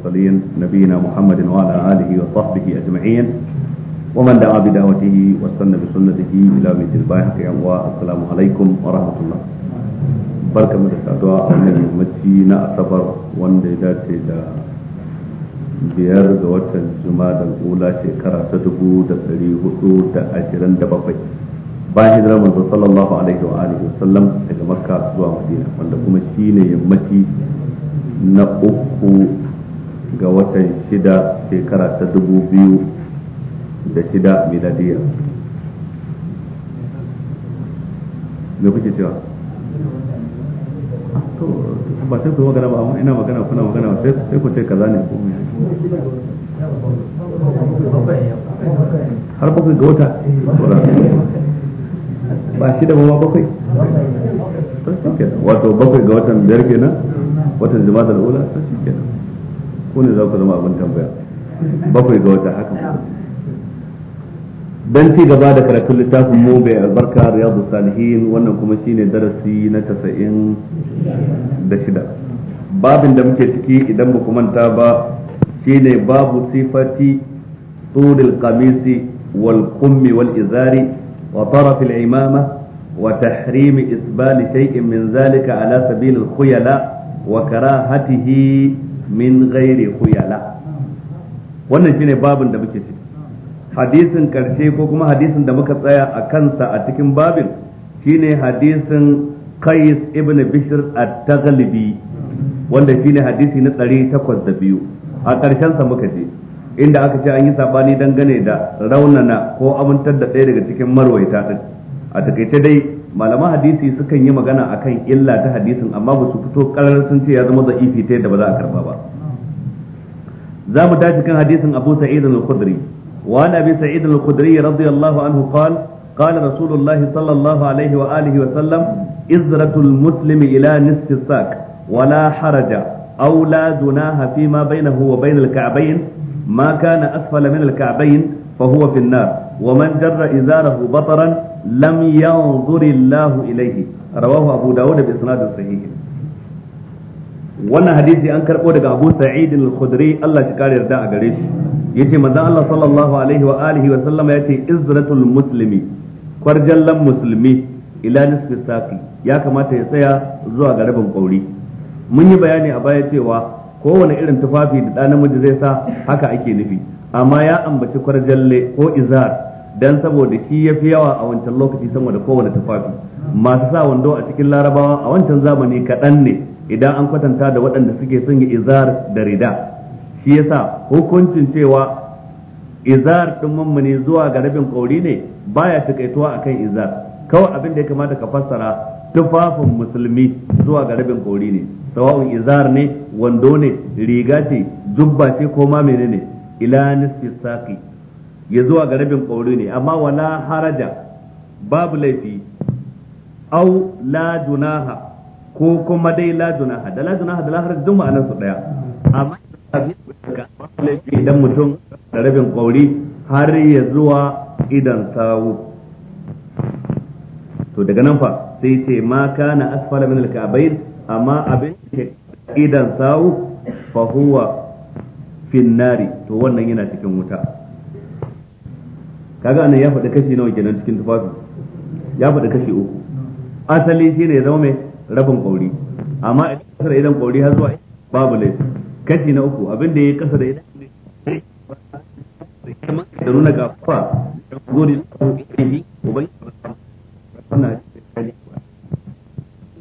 المرسلين نبينا محمد وعلى آله وصحبه أجمعين ومن دعا بدعوته واستنى بسنته إلى مثل الباحق والسلام عليكم ورحمة الله barka mu da saduwa a wannan yammaci na asabar wanda ya dace da biyar ga watan da ula shekara ta dubu da dari hudu da ashirin da bakwai bayan hijirar manzo sallallahu alaihi wa alihi wasallam daga makka zuwa madina wanda kuma shine yammaci na uku ga watan shida shekara ta dubu biyu da shida miladiya me kuke cewa ba sai ku magana ba amma ina magana kuna magana sai ku ce kaza ne ko har bakwai ga wata ba shida ba bakwai wato bakwai ga watan biyar kenan watan jima'a da ula to shi kenan ku ne za ku zama abin tambaya bakwai ga wata haka dan ci gaba da karatun littafin mu bai albarka riyadu salihin wannan kuma shine darasi na tasa'in da shida babin da muke ciki idan ba ku manta ba shine babu sifati tudil qamisi wal kummi wal izari wa taraf al imama وتحريم إسبال min zalika ala sabilil سبيل wa karahatihi min ghairi khuyala wannan shine babin da muke ciki hadisin karshe ko kuma hadisin da muka tsaya a kansa a cikin babin shine hadisin Qais ibn Bishr at-Taghlibi wanda shine hadisi na biyu a karshen sa muka je inda aka ce an yi sabani dangane da raunana ko amintar da ɗaya daga cikin marwaita a takaice dai malaman hadisi sukan yi magana akan illa ta hadisin amma ba su fito ƙararar sun ce ya zama za ta yadda ba za karba ba zamu tashi kan hadisin abu sa'id al-khudri wa ana bi sa'id al-khudri radiyallahu anhu qala qala rasulullahi sallallahu alaihi wa alihi wa sallam izratul muslimi ila nisfi saq wa la haraja aw la dunaha fi ma bainahu wa bainal ka'bayn ما كان أسفل من الكعبين فهو في النار ومن جر إزاره بطرا lam yanzuri Allah ilaihi rawahu Abu Dawud bi isnad sahih wannan hadisi an karbo daga Abu Sa'id al-Khudri Allah ya kare yarda a gare shi yace manzon Allah sallallahu alaihi wa alihi wa sallama yace izratul muslimi kwarjallan muslimi ila nisfi saqi ya kamata ya tsaya zuwa ga rabin kauri mun yi bayani a baya cewa kowane irin tufafi da dan namiji zai sa haka ake nufi amma ya ambaci kwarjalle ko izar dan saboda shi ya fi yawa a wancan lokaci sama da kowane tufafi masu sa wando a cikin larabawa a wancan zamani kaɗan ne idan an kwatanta da waɗanda suke son yi izar da rida shi yasa hukuncin cewa izar ɗin mammani zuwa ga rabin kauri ne baya takaituwa kan izar kawai abin da ya kamata ka fassara tufafin musulmi zuwa ga rabin kauri ne sawa'un izar ne wando ne riga ce jubba ce ko ma menene ila nisfi saqi ya zuwa ga rabin kauri ne amma wala haraja babu laifi au la junaha ko kuma dai la junaha da la junaha da la haraja duk ma'anar su daya amma laifi idan mutum da rabin kauri har ya zuwa idan sawu to daga nan fa sai ce ma kana asfala min al-ka'bayn amma abin ke idan sawu fa huwa nari to wannan yana cikin wuta kaga anan ya faɗi kashi nawa kenan cikin tufafi ya faɗi kashi uku asali shine ya zama mai rabin kauri amma a da idan kauri har zuwa babu ne kashi na uku abin da ya kasa da idan da nuna gafa ko da ubangi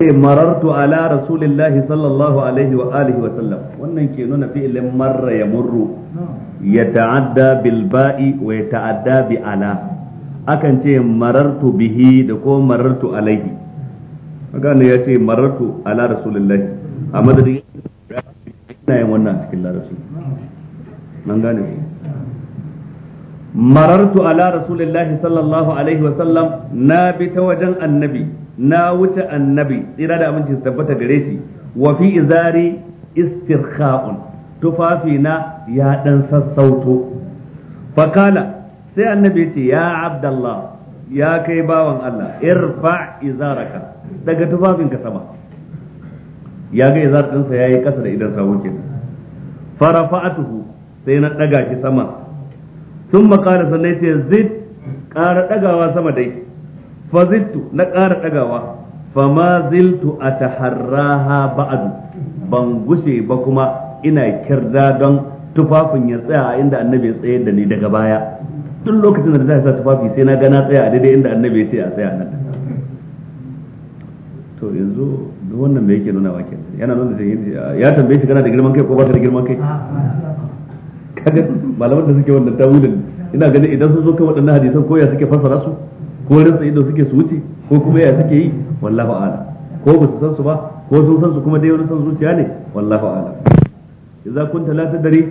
sai marartu ala rasulillahi sallallahu alaihi wa alihi wa sallam wannan ke nuna fi'ilin marra ya murru ya ta'adda bil ba'i wa ya ta'adda bi ala akan ce marartu bihi da ko marartu alaihi kaga ne ya ce marartu ala rasulillahi a madadin ina yin wannan cikin larabci nan gane ku marartu ala rasulillahi sallallahu alaihi wa sallam na bi ta wajen annabi na wuce annabi tsira da aminci su tabbata gare shi wa fi izari istirkha'un tufafi na ya dan sassauto fakala sai annabi ce ya abdallah ya kai bawan Allah irfa izaraka daga tufafinka sama ya ga izar dinsa yayi kasa da idan sawo kenan farafa'atuhu sai na daga shi sama sun makara sannan sai zid ƙara dagawa sama dai fazittu na ƙara ɗagawa fama ziltu a taharraha ba'adu ban gushe ba kuma ina kirda don tufafin ya tsaya inda annabi ya tsayar da ni daga baya tun lokacin da zai sa tufafi sai na gana tsaya a daidai inda annabi ya ce a tsaya nan to yanzu duk wannan me yake nuna wake yana nuna da ya tambaye shi kana da girman kai ko ba ta da girman kai kaga malaman da suke wannan tawilin ina ganin idan sun zo kai waɗannan hadisan ko ya suke fassara su ko rinsa ido suke su wuce ko kuma ya suke yi wallahu a'lam ko ba su san su ba ko sun san su kuma dai wani san zuciya ne wallahu a'lam idza kunta la tadri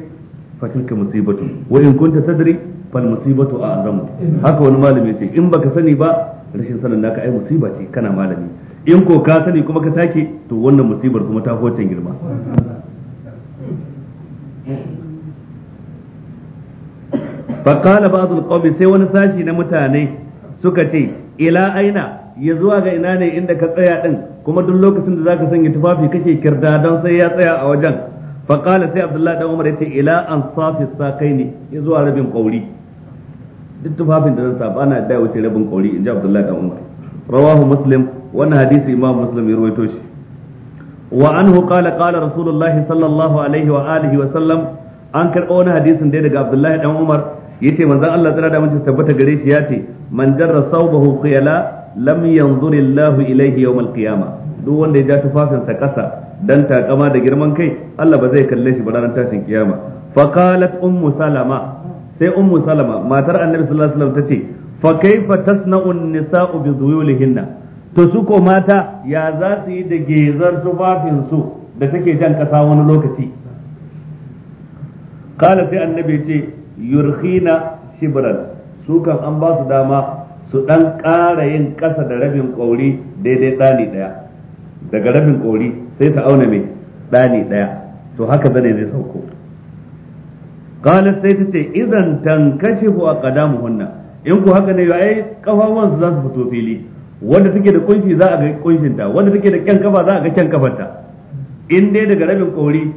fa tilka musibatu wa in kunta tadri fal musibatu a'zamu haka wani malami ce in baka sani ba rashin sanin naka ai musiba ce kana malami in ko ka sani kuma ka take to wannan musibar kuma ta hoce girma فقال بعض القوم sai wani sashi na mutane suka ce ila aina ya zuwa ga ina ne inda ka tsaya din kuma duk lokacin da zaka sanya tufafi kake kirda don sai ya tsaya a wajen fa qala sai abdullahi dan umar yace ila an ansafi saqaini ya zuwa rabin kauri duk tufafin da zan sa bana da wuce rabin kauri inji abdullahi dan umar rawahu muslim wannan hadisi imam muslim ya rawaito shi wa anhu qala qala rasulullahi sallallahu alaihi wa alihi wa sallam an karɓo wani hadisin dai daga abdullahi dan umar yace manzon Allah tsara da mutum tabbata gare shi yace man jarra sawbahu qiyala lam yanzur Allah ilayhi yawm al-qiyama duk wanda ya ja tufafinsa sa kasa dan takama da girman kai Allah ba zai kalle shi ba ranar tashin kiyama fa qalat ummu salama sai ummu salama matar annabi sallallahu alaihi wasallam tace fa kaifa tasna'u an-nisa'u bi dhuyulihinna to su ko mata ya za su yi da gezar tufafinsu da take jan kasa wani lokaci kala sai annabi ce yurhina shibran su kan an ba su dama su dan ƙara yin ƙasa da rabin ƙauri daidai ɗani ɗaya daga rabin ƙauri sai ta auna mai ɗani ɗaya to haka zane zai sauko qalat sai ta ce idan tankashifu hunna in ku haka ne ya ai kafafuwan su za su fito fili wanda take da kunshi za a ga kunshinta wanda take da kyan kafa za a ga kyan kafarta in dai daga rabin ƙauri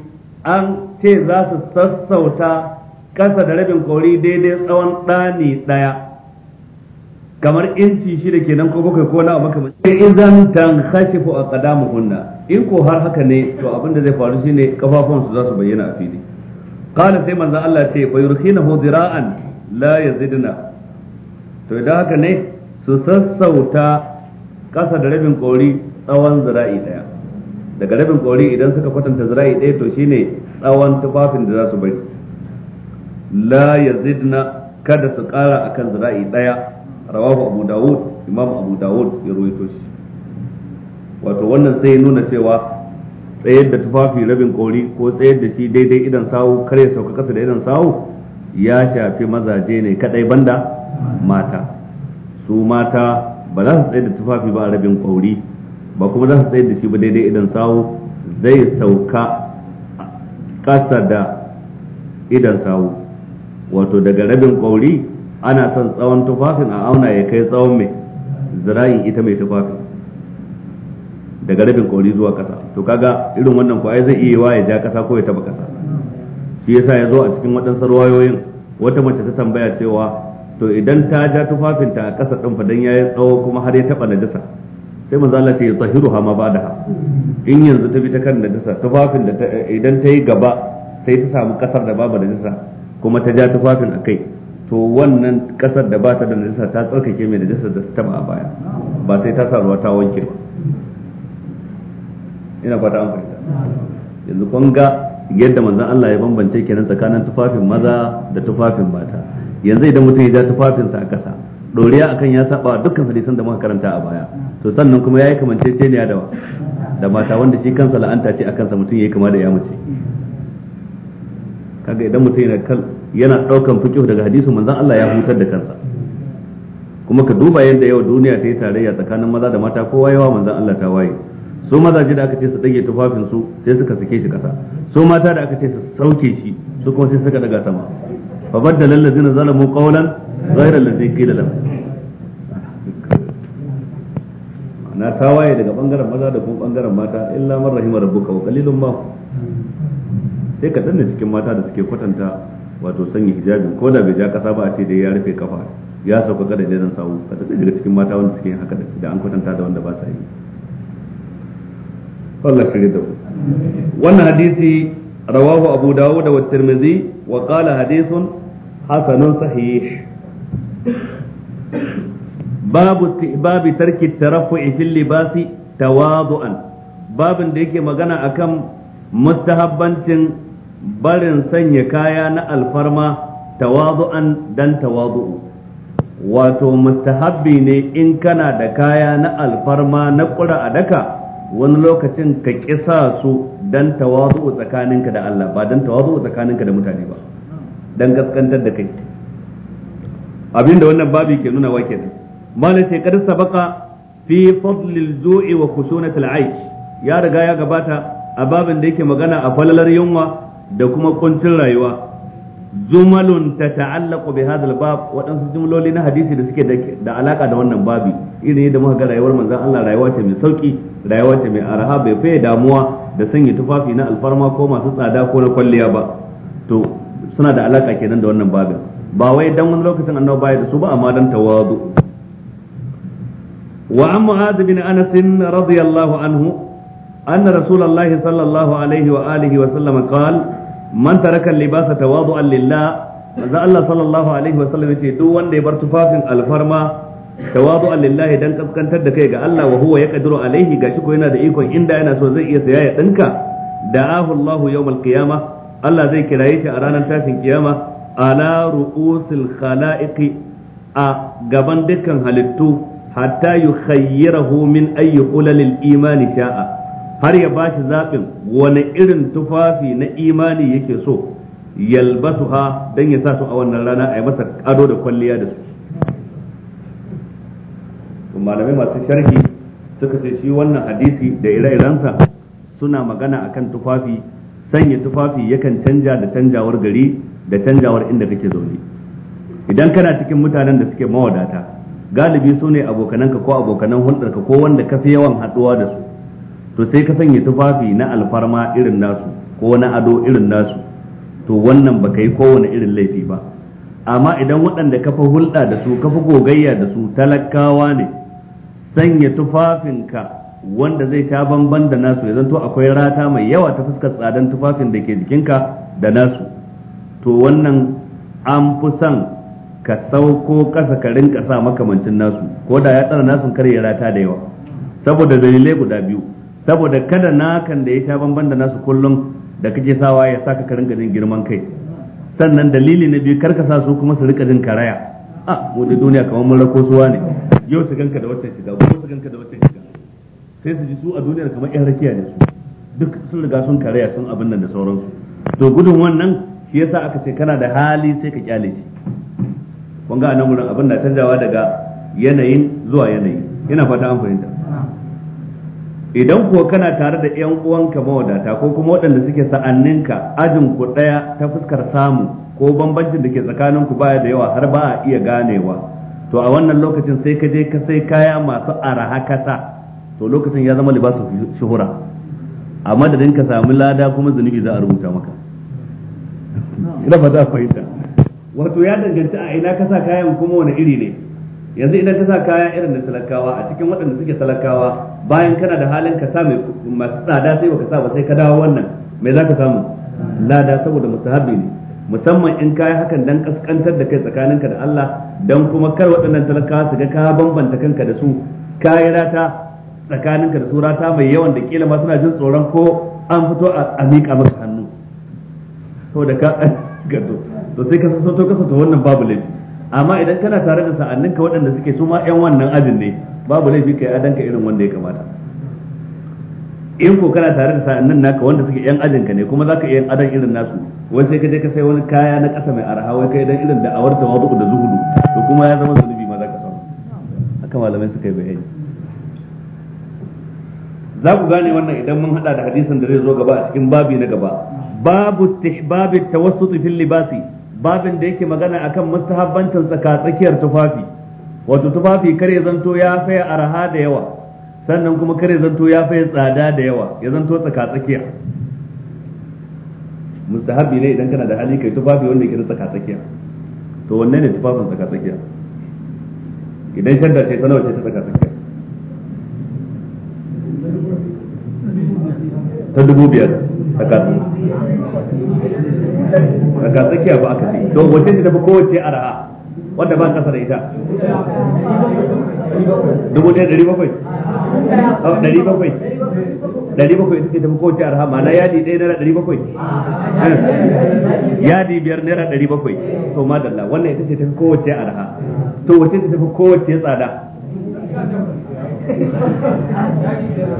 an ce za su sassauta ƙasa da rabin kori daidai tsawon ɗani ɗaya kamar inci shida kenan ko bakwai ko na maka sai idan tan khashifu hunna in ko har haka ne to abin da zai faru shine kafafun su za su bayyana a fili qala sai manzo Allah ce fa yurkhinahu zira'an la yazidna to idan haka ne su sassauta kasa da rabin kori tsawon zira'i daya daga rabin kori idan suka kwatanta zira'i ɗaya to shine tsawon tufafin da za su bari la yazidna kada su kara akan zira'i daya rawahu abu dawud imam abu dawud ya ruwaito shi wato wannan sai nuna cewa tsayar da tufafi rabin kori ko tsayar da shi daidai idan sawu kar ya sauka kasa da idan sawu ya shafi mazaje ne kadai banda mata su mata ba za su tsayar da tufafi ba a rabin kori ba kuma za su tsayar da shi ba daidai idan sawu zai sauka kasa da idan sawu wato daga rabin kauri ana son tsawon tufafin a auna ya kai tsawon mai zirayin ita mai tufafin daga rabin kauri zuwa kasa to kaga irin wannan ko ai zai iya wa ya ja kasa ko ya taba kasa shi yasa ya zo a cikin waɗansu ruwayoyin wata mace ta tambaya cewa to idan ta ja tufafinta a kasa ɗin fa dan yi tsawo kuma har ya taɓa najasa sai manzo Allah ta hama ha ma ba'daha in yanzu ta bi ta kan najasa tufafin da idan ta yi gaba sai ta samu kasar da babu najasa kuma ta ja tufafin a kai to wannan kasar da ba ta da najasa ta tsarkake mai najasa da ta taba a baya ba sai ta sa ruwa ta wanke ba ina fata an fahimta yanzu kun ga yadda manzon Allah ya bambance kenan tsakanin tufafin maza da tufafin mata yanzu idan mutum ya ja tufafinsa a ƙasa doriya akan ya saba dukkan hadisan da muka karanta a baya to sannan kuma yayi kamanceceniya da da mata wanda shi kansa la'anta ce akan sa mutum yayi kama da ya mace kaga idan mutum yana kal yana daukan fiqh daga hadisin manzon Allah ya hutar da kansa kuma ka duba yadda yau duniya ta yi tarayya tsakanin maza da mata kowa yawa manzon Allah ta waye su mazaje da aka ce su dage tufafin su sai suka sake shi kasa su mata da aka ce su sauke shi su kuma sai suka daga sama fa baddala allazina zalamu qawlan ghayra allazi qila lahum na tawaye daga bangaren maza da kuma bangaren mata illa man rahima rabbuka wa qalilun ma sai ka danna cikin mata da suke kwatanta wato sanya hijabi ko da bai ja kasa ba a ce dai ya rufe kafa ya sauka kada ne zan sawu danna daga cikin mata wanda suke haka da an kwatanta da wanda ba sa yi Allah shirya da ku wannan hadisi rawahu abu dawud wa tirmidhi wa qala hadithun hasanun sahih babu babu tarki tarafu'i fil libasi tawadu'an babin da yake magana akan mustahabbancin barin sanya kaya na alfarma tawazu'an dan tawazu'u wato mustahabbi ne in kana da kaya na alfarma na kura a daka wani lokacin ka kisa su dan tawazu'u tsakaninka da Allah ba dan tawazu'u tsakaninka da mutane ba dan gaskantar da kai abinda wannan babi ke nuna wake ne. malam sai kada sabaka fi fadlil zu'i wa khusunatil aish ya riga ya gabata a babin da yake magana a falalar yunwa da kuma kuncin rayuwa zumalun ta ta'allaku bi hadal bab waɗansu jumloli na hadisi da suke da alaka da wannan babi irin yadda muka ga rayuwar manzon Allah rayuwa ce mai sauki rayuwa ce mai araha bai da damuwa da sanya tufafi na alfarma ko masu tsada ko na kwalliya ba to suna da alaka kenan da wannan babin ba wai dan wani lokacin annabi baya da su ba amma dan tawadu wa an mu'adh bin anas radiyallahu anhu anna rasulullahi sallallahu alaihi wa alihi wa sallam qala man taraka libasa tawadu'an lillah manzo Allah sallallahu alaihi wa yace duk wanda ya bar tufafin alfarma tawadu'an lillahi dan kaskantar da kai ga Allah wa huwa yaqdiru alaihi gashi ko yana da ikon inda yana so zai iya saya ya dinka da'ahu Allahu yawmal qiyamah Allah zai kiraye shi a ranar tashin kiyama ala ru'usil khala'iqi a gaban dukkan halittu hatta yukhayyirahu min ayyi qulalil imani sha'a har ya ba shi zaɓin wani irin tufafi na imani yake so yalbasu ha don ya sa su a wannan rana a yi masa ado da kwalliya da su malamai masu sharhi suka ce shi wannan hadisi da ire-irensa suna magana akan tufafi sanya tufafi yakan canja da canjawar gari da canjawar inda kake zaune idan kana cikin mutanen da suke mawadata galibi su ne abokananka ko abokanan hulɗarka ko wanda ka fi yawan haɗuwa da su to sai ka sanya tufafi na alfarma irin nasu ko na ado irin nasu to wannan ba ka yi kowane irin laifi ba amma idan waɗanda ka fi hulɗa da su ka fi gogayya da su talakawa ne sanya tufafinka wanda zai sha bamban da nasu ya zanto akwai rata mai yawa ta fuskar tsadan tufafin da ke jikinka da nasu to wannan an fi son ka sauko ƙasa ka rinka sa makamancin nasu ko da ya tsara nasu, kar ya rata da yawa saboda dalilai guda biyu saboda kada na kan da ya sha bamban da nasu kullum da kake sawa ya saka ka rinka jin girman kai sannan dalili na biyu karka sa su kuma su rika jin karaya a ah, mu da duniya kamar mun rako suwa ne yau su ganka da watan shiga ko su ganka da watan shiga sai su ji su a duniyar kamar yan rakiya ne su duk sun riga sun karaya sun abin nan da sauransu to gudun wannan shi yasa aka ce kana da hali sai ka kyale shi kun ga anan wurin abin da canjawa daga yanayin zuwa yanayi ina fata an fahimta idan kuwa kana tare da yan uwanka mawadata ko kuma waɗanda suke sa'anninka ajin ku ɗaya ta fuskar samu ko bambancin da ke tsakanin ku baya da yawa har ba a iya ganewa to a wannan lokacin sai ka je ka sai kaya masu araha kasa to lokacin ya zama libasu shuhura a madadin ka sami lada kuma zunubi za a rubuta maka ina fahimta wato ya danganci a ina kasa kayan kuma wani iri ne yanzu idan ka sa kaya irin na talakawa a cikin waɗanda suke talakawa bayan kana da halin ka sa masu tsada sai baka sa ba sai ka dawo wannan mai za ka samu lada saboda musahabi ne musamman in kayi hakan dan kaskantar da kai tsakaninka da Allah dan kuma kar waɗannan talakawa su ga ka bambanta kanka da su kayi rata tsakaninka da su rata mai yawan da kila ma suna jin tsoron ko an fito a miƙa maka hannu saboda ka gado to sai ka ka kasa to wannan babu laifi amma idan kana tare da sa'annin ka waɗanda suke su ma 'yan wannan ajin ne babu laifi kai adan ka irin wanda ya kamata in ko kana tare da sa'annin naka wanda suke 'yan ajin ka ne kuma zaka iya adan irin nasu wai sai ka je ka sai wani kaya na ƙasa mai araha wai kai dan irin da awar tawadu da zuhudu to kuma ya zama zunubi ma zaka samu haka malamai suka yi bayani za ku gane wannan idan mun hada da hadisin da zai zo gaba a cikin babi na gaba babu istihbab at-tawassut fil libasi babin da yake magana akan mustahabbancin tsaka tsakiyar tufafi wato tufafi kare zanto ya faya araha da yawa sannan kuma kare zanto ya faya tsada da yawa ya zanto tsaka tsakiya mustahabi ne idan kana da hali kai tufafi wanda yake tsaka tsakiya to wanne ne tufafin tsaka tsakiya idan shadda ce sanawa ce ta tsaka tsakiya ta dubu biyar tsaka daga tsakiya ba aka ce to wace ce tafi kowace araha wanda ba kasa da ita dubu ɗaya ɗari bakwai ɗari bakwai ɗari bakwai ita ce tafi kowace araha ma'ana yadi ɗaya naira ɗari bakwai eh, yadi biyar naira ɗari bakwai to ma madalla wannan ita ce tafi kowace araha to wace ce tafi kowace tsada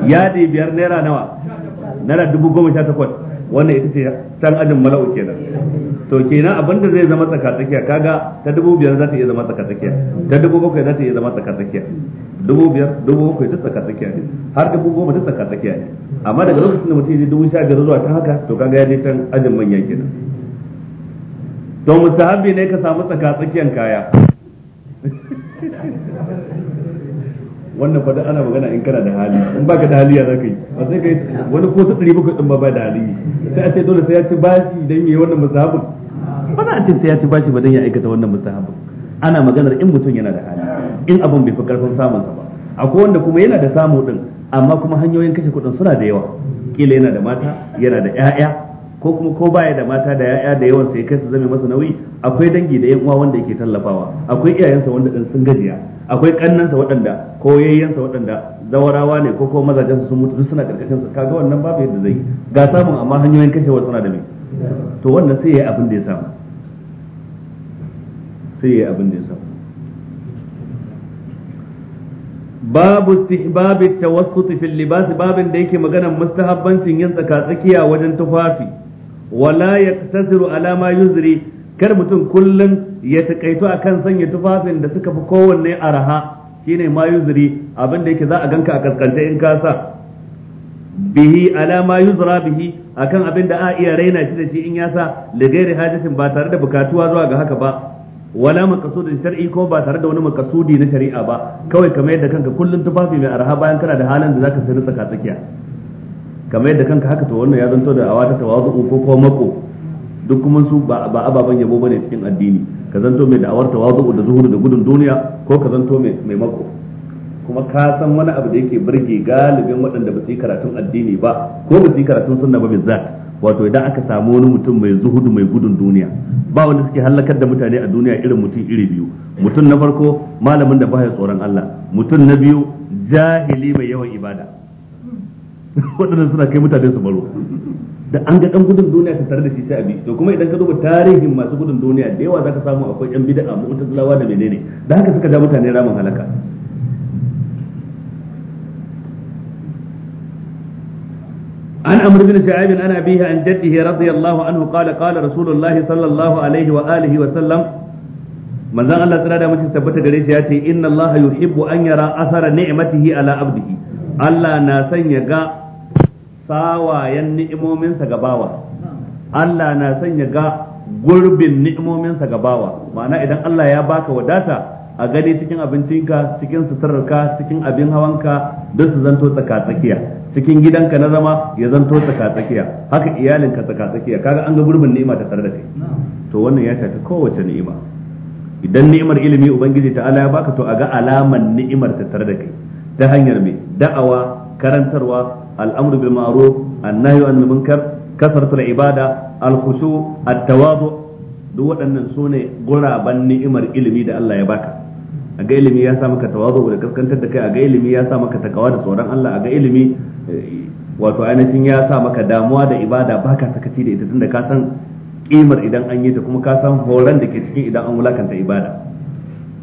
yadi biyar naira nawa naira dubu goma sha takwas wannan ita ce can ajin mala'u kenan to kenan abinda zai zama tsakatsakiya kaga ta dubu biyar za ta iya zama tsakatsakiya ta dubu bakwai za ta iya zama tsakatsakiya dubu biyar dubu bakwai duk tsakatsakiya ne har dubu goma duk tsakatsakiya ne amma daga lokacin da mutum ya dubu sha biyar zuwa can haka to kaga ya je can ajin manya kenan to musahabi ne ka samu tsakatsakiyan kaya wannan fada ana magana in kana da hali in baka da hali ya zaka yi ba sai kai wani ko ta tsiri baka din ba da hali sai a ce dole sai ya ci bashi dan yayi wannan musahabin ba za a ce sai ya ci bashi ba dan ya aikata wannan musahabin ana maganar in mutum yana da hali in abun bai fi karfin samun sa ba akwai wanda kuma yana da samu din amma kuma hanyoyin kashe kuɗin suna da yawa kila yana da mata yana da 'ya'ya ko kuma ko baya da mata da yaya da yawan sai kai su zame masa nauyi akwai dangi da yan uwa wanda yake tallafawa akwai iyayensa wanda din sun gajiya akwai kannansa waɗanda ko yayyensa waɗanda zawarawa ne ko ko mazajen sun mutu duk suna karkashin su kaga wannan babu yadda zai ga samun amma hanyoyin kashewa suna da mai to wannan sai yayi abin da ya samu sai yayi abin da ya samu babu istihbab at-tawassut fi libas babin da yake maganar mustahabbancin yin tsaka tsakiya wajen tufafi wala ya ala ma yuzri kar mutum kullun ya takaito akan sanya tufafin da suka fi kowanne araha shine ma yuzri abinda yake za a ganka a kaskanta in kasa bihi ala ma yuzra bihi akan abinda da a iya raina shi da shi in yasa sa da gairi hajjatin ba tare da bukatuwa zuwa ga haka ba wala makasudin shar'i ko ba tare da wani makasudi na shari'a ba kawai kamar yadda kanka kullun tufafi mai arha bayan kana da halin da zaka sani tsaka tsakiya kamar yadda kanka haka to wannan ya zanto da awata tawazu ko ko mako duk kuma su ba ababen yabo bane cikin addini ka zanto mai da'awar tawazu da zuhuru da gudun duniya ko ka zanto mai mai mako kuma ka san wani abu da yake burge galibin waɗanda ba su yi karatun addini ba ko ba su yi karatun sunna ba bizzat wato idan aka samu wani mutum mai zuhudu mai gudun duniya ba wanda suke halakar da mutane a duniya irin mutum iri biyu mutum na farko malamin da baya tsoron Allah mutum na biyu jahili mai yawan ibada waɗannan suna kai mutane su baro da an ga ɗan gudun duniya ta tare da shi sai a bi to kuma idan ka duba tarihin masu gudun duniya da yawa zaka samu akwai ƴan bid'a mu'tazilawa da menene da haka suka ja mutane ramin halaka عن عمرو بن شعيب عن أبيه عن جده رضي الله عنه قال قال رسول الله صلى الله عليه وآله وسلم من ذا الله تعالى من تثبت إن الله يحب أن يرى أثر نعمته على عبده الله ناسا يقع sawayen ni'imominsa ga bawa Allah na sanya ga gurbin ni'imominsa ga bawa ma'ana idan Allah ya baka wadata a gani cikin abincinka cikin suturarka cikin abin hawanka duk su zanto tsakatsakiya cikin gidanka na zama ya zanto tsakatsakiya haka iyalinka tsakatsakiya kaga an ga gurbin ni'ima ta tare da kai to wannan ya shafi kowace ni'ima idan ni'imar ilimi ubangiji Allah ya baka to a ga alaman ni'imar ta tare da kai ta hanyar mai da'awa karantarwa al'amru bil ma'ruf annahyu anil munkar kasratul ibada al khushu duk waɗannan sune guraban ni'imar ilimi da Allah ya baka a ga ilimi ya sa maka tawazu da kaskantar da kai a ga ilimi ya sa maka takawa da tsoron Allah a ga ilimi wato ainihin ya sa maka damuwa da ibada baka sakaci da ita tunda ka san kimar idan an yi ta kuma ka san horon da ke cikin idan an wulakanta ibada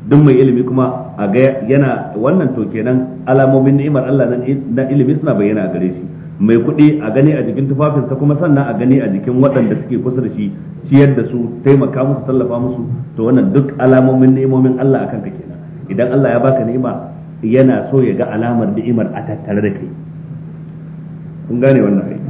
duk mai ilimi kuma a ga yana wannan to kenan alamomin ni'imar Allah na ilimi suna bayyana a gare shi mai kuɗi a gani a jikin tufafinsa kuma sannan a gani a jikin waɗanda suke kusa da shi ciyar da su taimaka musu tallafa musu to wannan duk alamomin ni'imomin Allah akan ka kenan idan Allah ya baka ni'ima yana so ya ga alamar ni'imar a tattare da kai kun gane wannan kai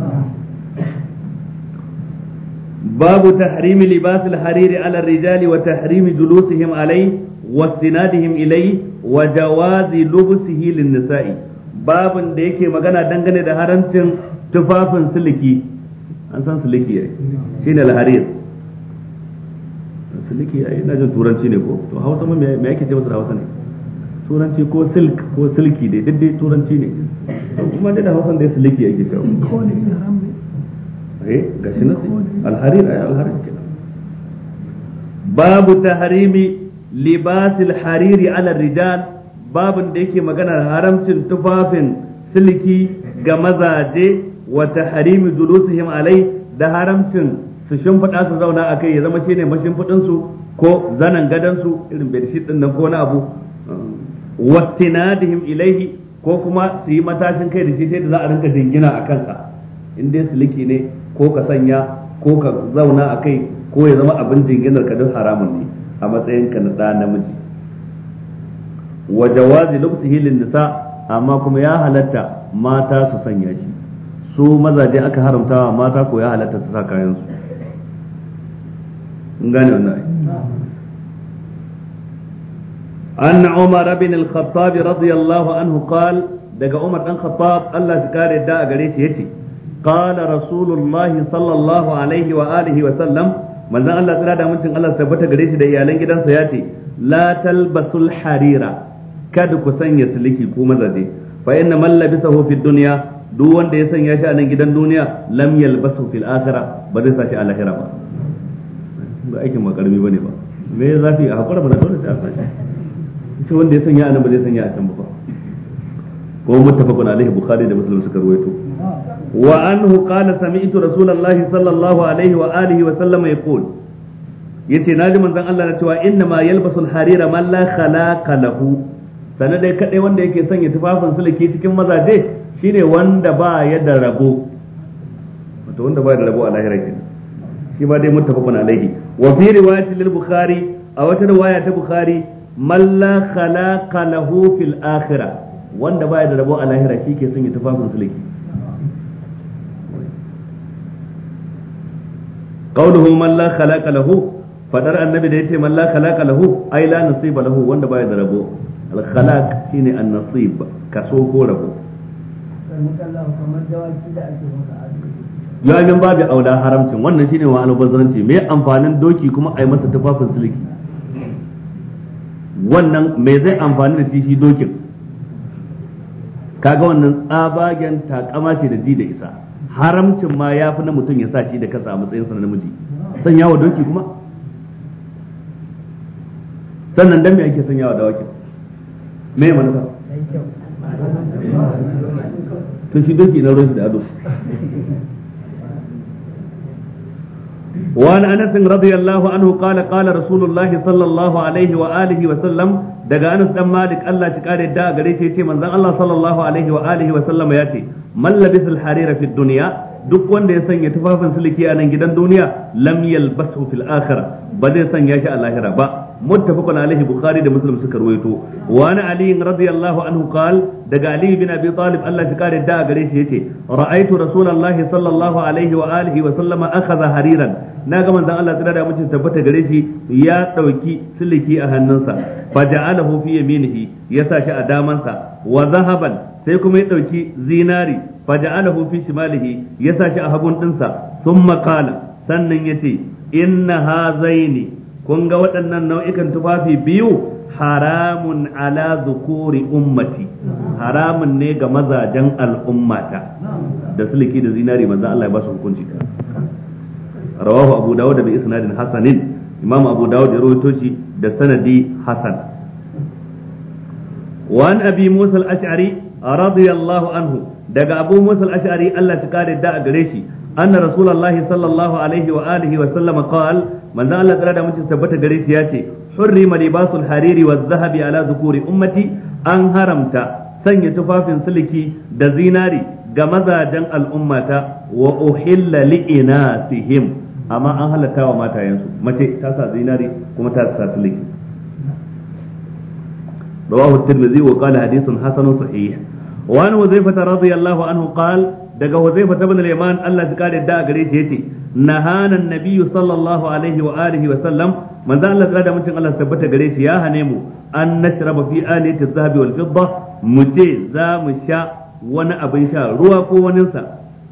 babu tahrimi libasil hariri ala rijali wa tahrimi julusihim alai واستنادهم إليه وجواز لبسه للنساء babin da yake magana dangane da harancin tufafin siliki an san siliki ne shi ne alharir siliki ya na jin turanci ne ko to hausa mun me yake ce masa hausa ne turanci ko silk ko silki dai duk dai turanci ne to kuma dai da hausa dai siliki yake ne eh gashi na alharir alharir babu tahrimi libasil hariri ala rijal babin da yake maganar haramcin tufafin siliki ga mazaje wa tahrimi dulusihim alai da haramcin su shimfiɗa su zauna a kai ya zama shine mashimfiɗin su ko zanan gadon su irin bedsheet din nan ko na abu wa tinadihim ilaihi ko kuma su yi matashin kai da shi sai da za a rinka dingina a kansa in dai siliki ne ko ka sanya ko ka zauna a kai ko ya zama abin dinginar ka duk haramun ne a matsayin ka na ɗa namiji wa jawazi lubsihi lin nisa amma kuma ya halatta mata su sanya shi su mazaje aka haramtawa mata ko ya halatta su sa kayan su in gane wannan أن عمر بن الخطاب رضي الله عنه قال دقى عمر بن الخطاب الله سكاري دا قريت يتي قال رسول الله صلى الله عليه وآله وسلم manzon Allah tsira da mutum Allah tabbata gare shi da iyalan gidansa ya ce la talbasul harira kada ku sanya siliki ko mazaje fa inna man labisahu fid dunya duk wanda ya sanya shi a nan gidan duniya lam yalbasu fil akhirah ba zai sashi a lahira ba ba aikin ba karbi bane ba me zafi a hakura ba dole sai a sashi shi wanda ya sanya a nan ba zai sanya a can ba ko muttafaqun alaihi bukhari da muslim suka ruwaito وأنه قال سمعت رسول الله صلى الله عليه وآله وسلم يقول yace na ji manzon Allah na cewa inna ma yalbasul harira man la khalaqa lahu sanadai kadai wanda yake sanya tufafin sulaki cikin mazaje shine wanda ba ya da rabo wato wanda ba ya da rabo a lahirar kenan shi ba dai muttafaqun alaihi wa fi riwayati lil bukhari a wata riwaya ta bukhari man la khalaqa lahu fil akhirah wanda ba ya da rabo a lahira shi ke sanya tufafin sulaki qawluhu man la khalaqa lahu fadar annabi da yace man la khalaqa lahu ai la nasiba lahu wanda baya da rabo al khalaq shine an nasib kaso ko rabo ya gan babu aula haramcin wannan shine wa albazaranci me amfanin doki kuma ai masa tufafin siliki wannan me zai amfani da shi dokin kaga wannan tsabagen takama ce da ji da isa haramcin ma ya fi na mutum ya sa shi da kansa a matsayinsa na namiji sanya wa doki kuma sannan dan me ake sanya wa dawaki me manufa to shi doki na ruwan da ado وعن انس رضي الله عنه قال قال رسول الله صلى الله عليه واله وسلم دغا انس دان مالك الله تكاري دا غري شي يتي منزل الله صلى الله عليه واله وسلم ياتي من لبس الحرير في الدنيا duk wanda ya sanya tufafin siliki a nan gidan duniya lam yalbasu fil akhirah ba zai sanya shi a lahira ba muttafaqun alaihi bukhari da muslim suka ruwaito wa ana ali radiyallahu anhu qal daga ali bin abi talib Allah ya kare da gare shi ce. ra'aitu rasulullahi sallallahu alaihi wa alihi wa sallama akhadha hariran naga manzon Allah tsira da mutum tabbata gare shi ya ɗauki siliki a hannunsa fa ja'alahu fi yaminihi ya sa shi a damansa wa zahaban sai kuma ya ɗauki zinari fa ja'alahu fi shimalihi ya sa shi a hagun ɗinsa thumma qala sannan yace inna hazaini kun ga waɗannan nau'ikan tufafi biyu haramun ala zukuri ummati haramun ne ga mazajen al'ummata da sulki da zinari manzo Allah ya ba su hukunci ka. rawahu abu dawud bi isnadin hasanin imam abu dawud ya rawaito shi da sanadi hasan wa an abi musa al-ash'ari radiyallahu anhu daga abu musa al-ash'ari Allah ya kare da a gare shi anna rasulullahi sallallahu alaihi wa alihi wa sallama qala manzon Allah tsara da mutum tabbata gare shi ya ce hurrima libasul hariri wa zahabi ala zukuri ummati an haramta sanya tufafin siliki da zinari ga mazajen al'ummata wa uhilla li inasihim amma an halatta wa matayensu mace ta sa zinari kuma ta sa siliki rawahu at-tirmidhi wa qala hadithun hasanun sahih wa an huzaifah radiyallahu anhu qala daga Huzaifa ibn al-Yaman Allah ya kare da gare shi yace nahana an-nabiyyu sallallahu alaihi wa alihi wa sallam manzo Allah ya da mutun Allah tabbata gare shi ya hane mu an nashraba fi aliyati adh-dhahabi wal fidda mu ce za mu sha wani abin sha ruwa ko wani sa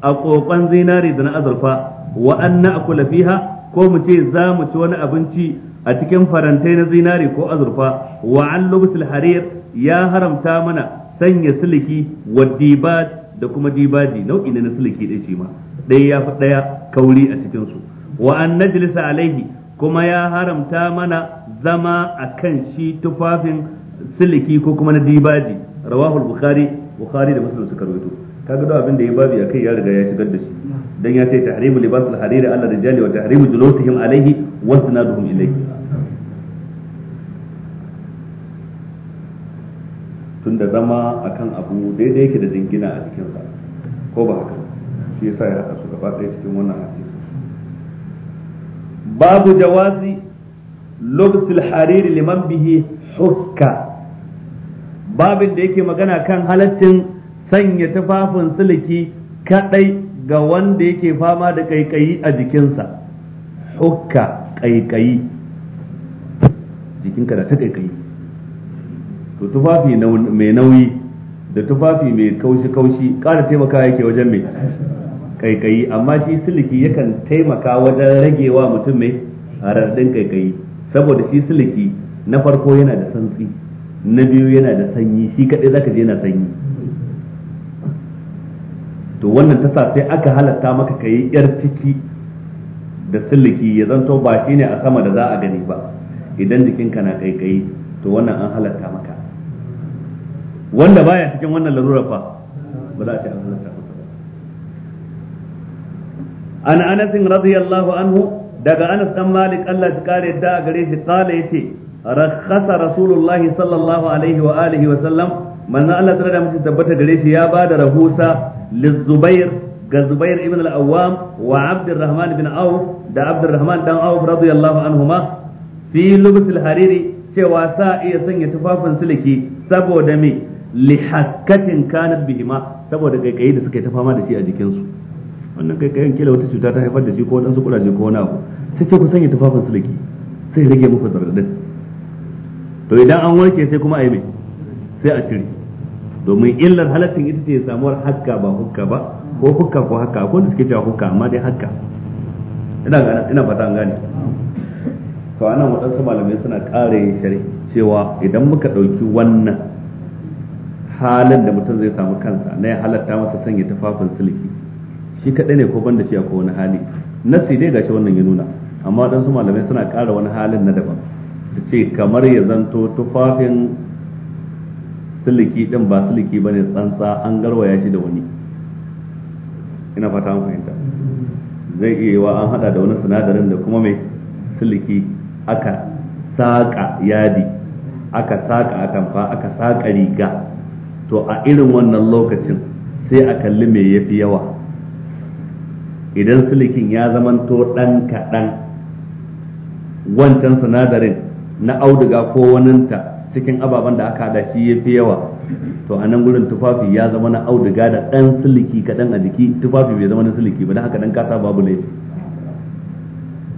a kokon zinari da na azurfa wa an na'kula fiha ko mu ce za mu ci wani abinci a cikin farantai na zinari ko azurfa wa an lubusul harir ya haramta mana sanya siliki wa dibat da kuma dibaji nau'i ne na sulki dai shi ma ɗaya ya fi ɗaya kauri a cikin su wa an najlisa alaihi kuma ya haramta mana zama akan shi tufafin siliki ko kuma na dibaji rawahul bukhari bukhari da muslim suka rawaito kaga da abin da ya babi akai ya riga ya shigar da shi dan ya ce tahrimu libas al-hariri ala rijali wa tahrimu julusihim alaihi wa sanaduhum ilayhi tun da zama akan abu daidai yake da jingina a cikinsa ko ba haka shi yasa ya haɗa su gaba ɗaya cikin wannan hadisi babu jawazi lubsul hariri liman bihi huska babin da yake magana kan halaccin sanya tufafin siliki kadai ga wanda yake fama da kaikayi a jikinsa hukka kaikayi jikinka da ta kaikayi to tufafi mai nauyi da tufafi mai kaushi kaushi kara taimaka yake wajen mai kaikayi amma shi siliki yakan taimaka wajen ragewa mutum mai raɗaɗin kaikayi saboda shi siliki na farko yana da santsi na biyu yana da sanyi shi kaɗai zaka je yana sanyi to wannan tasa sai aka halatta maka kayi yar ciki da siliki ya zanto ba shine a sama da za a gani ba idan jikinka na kaikayi to wannan an halatta maka wanda baya cikin wannan larura fa ba za a ce an halatta ba an anas radiyallahu anhu daga anas dan malik Allah ya kare da a gare shi kala yace rakhasa rasulullahi sallallahu alaihi wa alihi wa sallam manzo Allah ta da mutum tabbata gare shi ya bada rahusa lizubair ga zubair ibn al-awwam wa abdurrahman bin auf da abdurrahman dan auf radiyallahu anhuma fi lubs al-hariri cewa sa iya sanya tufafin siliki saboda me li hakkatin kanat bihima saboda gaggayi da suka yi ta fama da shi a jikinsu wannan kaikayin kila wata cuta ta haifar da shi ko wadansu kuraje ko wani abu sai ce ku sanya tufafin sulki sai rage muku zargadin to idan an warke sai kuma a yi mai sai a cire domin illar halattin ita ce samuwar hakka ba hukka ba ko hukka ko hakka ko da suke cewa hukka amma dai hakka ina gana ina fata an gane to anan wadansu malamai suna ƙara yin shari cewa idan muka ɗauki wannan halin da mutum zai samu kansa na ya halatta masa sanya tufafin siliki shi kaɗai ne ko banda shi a wani hali nasi dai gashi wannan ya nuna amma dan su malamai suna ƙara wani halin na daban su ce kamar ya zanto tufafin siliki din ba siliki bane tsantsa an garwaya shi da wani ina fata an fahimta zai iya wa an hada da wani sinadarin da kuma mai siliki aka saƙa yadi aka saƙa atamfa aka saka riga to a irin wannan lokacin sai a kalli me yafi yawa idan silikin ya zamanto ɗan kaɗan wancan sinadarin na auduga ko waninta cikin ababen da aka hada shi ya fi yawa to a nan gurin tufafi ya zama na auduga da ɗan siliki kaɗan a jiki tufafi bai zama na siliki ba don haka ɗan kasa babu laifi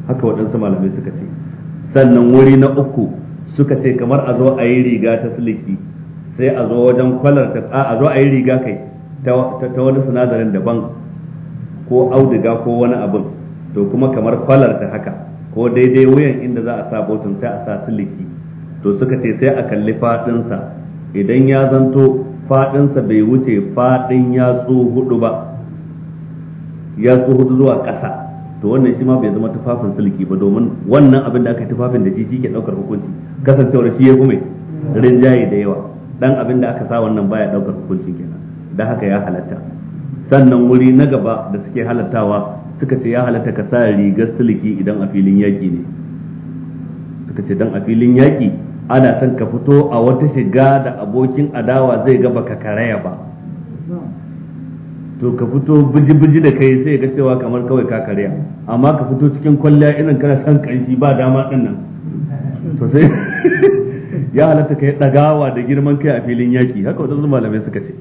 haka waɗansu malamai suka ce sannan wuri na uku suka ce kamar a zo a yi riga ta siliki sai a zo wajen kwalar ta a zo a yi riga kai ta wani sinadarin daban ko auduga ko wani abin to kuma kamar kwalar ta haka ko daidai wuyan inda za a sa botun sai a sa siliki to suka ce sai a kalli fadinsa idan ya zanto fadinsa bai wuce fadin yatsu hudu ba yatsu hudu zuwa kasa to wannan shi ma bai zama tufafin siliki ba domin wannan abin da aka yi tufafin da shi ke daukar hukunci kasancewar shi ya kume rinjaye da yawa dan abin da aka sa wannan baya daukar hukuncin kenan da haka ya halatta sannan wuri na gaba da suke halattawa suka ce ya halatta ka sa rigar siliki idan a filin yaki ne suka ce dan a filin yaki ana son ka fito a wata shiga da abokin adawa zai ga baka karaya ba to ka fito biji-biji da kai sai ga cewa kamar kawai ka karya amma ka fito cikin kwalliya irin kana san kanshi ba dama din nan to sai ya halatta yi dagawa da girman kai a filin yaƙi, haka zuma malamai suka ce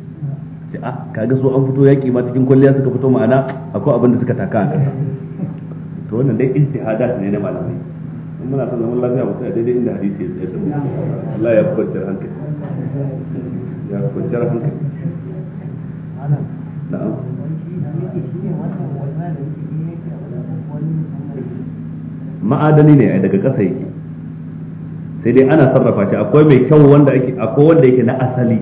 ce a ah, kaga so an fito yaƙi ma cikin kwalliya suka fito ma'ana akwai abin da suka taka a ƙasa to wannan dai ijtihadat ne na malamai in muna son zaman lafiya mutum a daidai inda hadisi ya tsaye Allah ya kwanciyar hankali ya kwanciyar hankali na'am ma'adani ne daga ƙasa yake sai dai ana sarrafa shi akwai mai kyau wanda ake akwai wanda yake na asali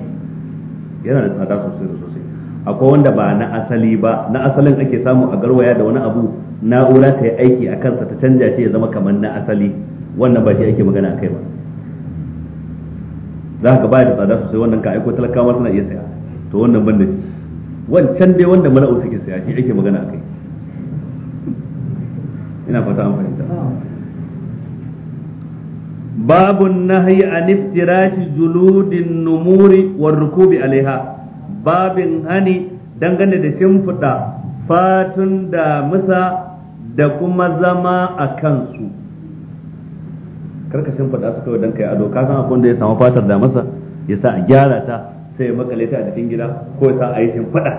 yana da tsada sosai da sosai akwai wanda ba na asali ba na asalin ake samu a garwaya da wani abu na'ura ta yi aiki a kansa ta canja shi ya zama kamar na asali wannan ba shi ake magana kai ba za ka ba da tsada sosai wannan ka aiko talakawa suna iya saya to wannan ban da shi wancan dai wanda mala'u suke saya shi ake magana kai ina fata an fahimta babun nahyi an iftirati juludin numuri war rukubi alaiha babin hani dangane da shimfiɗa fatun da musa da kuma zama a kansu karka shimfiɗa su kawai don kai ado ka san akwai da ya samu fatar da masa ya sa a gyara ta sai ya makale ta a cikin gida ko ya sa a yi shimfiɗa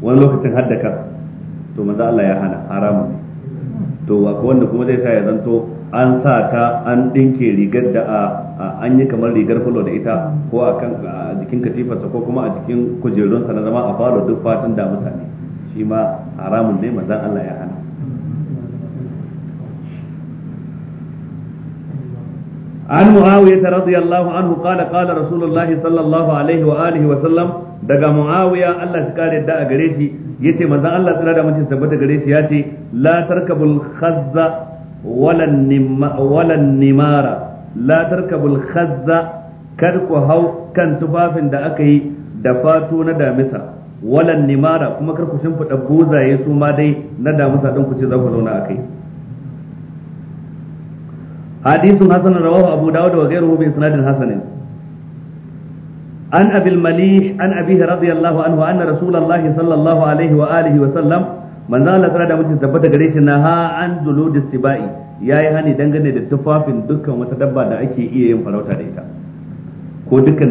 wani lokacin har da kan to maza Allah ya hana haramun to akwai wanda kuma zai sa ya zanto an sa ka an dinke rigar da a an yi kamar rigar falo da ita ko a kan jikin katifarsa ko kuma a jikin kujerunsa na zama a falo duk fatan da mutane shi ma haramun ne manzon Allah ya hana عن معاوية رضي الله عنه قال قال رسول الله صلى الله عليه وآله وسلم دقى معاوية الله تكاري الداء قريشي يتي مزا الله تلا دا منشي قريشي لا تركب الخزة walan nimara la tarkabul khazza kar ku hau kan tufafin da aka yi da fatu na damisa walan nimara kuma kar ku shimfiɗa buzaye su ma dai na damisa don ku ce za ku zauna a kai hadisun hasan rawahu abu dawud wa ghayruhu bi isnadin hasanin an abil malih an abihi radiyallahu anhu anna rasulullahi sallallahu alaihi wa alihi wa sallam manzo Allah tsara da mutum tabbata gare shi na ha an dulu da sibai yayi hani dangane da tufafin dukkan wata dabba da ake iya yin farauta da ita ko dukkan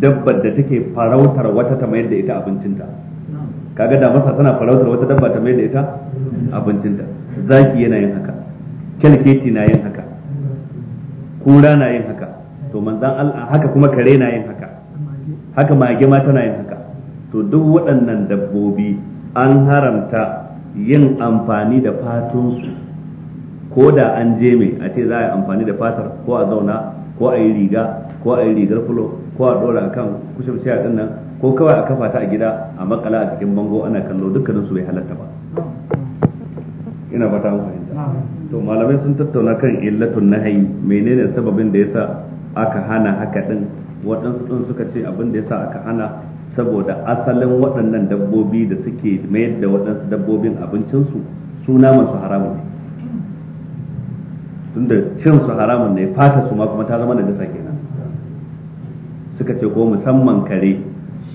dabbar da take farautar wata ta mayar da ita abincinta kaga da masa tana farautar wata dabba ta mayar da ita abincinta zaki yana yin haka kelketi na yin haka kura na yin haka to manzan Allah haka kuma kare na yin haka haka mage ma tana yin haka to duk waɗannan dabbobi an haramta yin amfani da fatunsu ko da an je mai a ce za a yi amfani da fatar ko a zauna ko a yi riga ko a yi rigar fulo ko a dora a kan kushin a din nan ko kawai a kafa ta a gida a makala a cikin bango ana kallo dukkanin bai halatta ba ina fata mu fahimta to malamai sun tattauna kan illatun nahayi menene sababin da yasa aka hana haka din waɗansu din suka ce abin da yasa aka hana saboda asalin waɗannan dabbobi da suke mayar da waɗansu dabbobin abincinsu su naman su haramun ne tunda cin su haramun ne fata su ma kuma ta zama najasa kenan suka ce ko musamman kare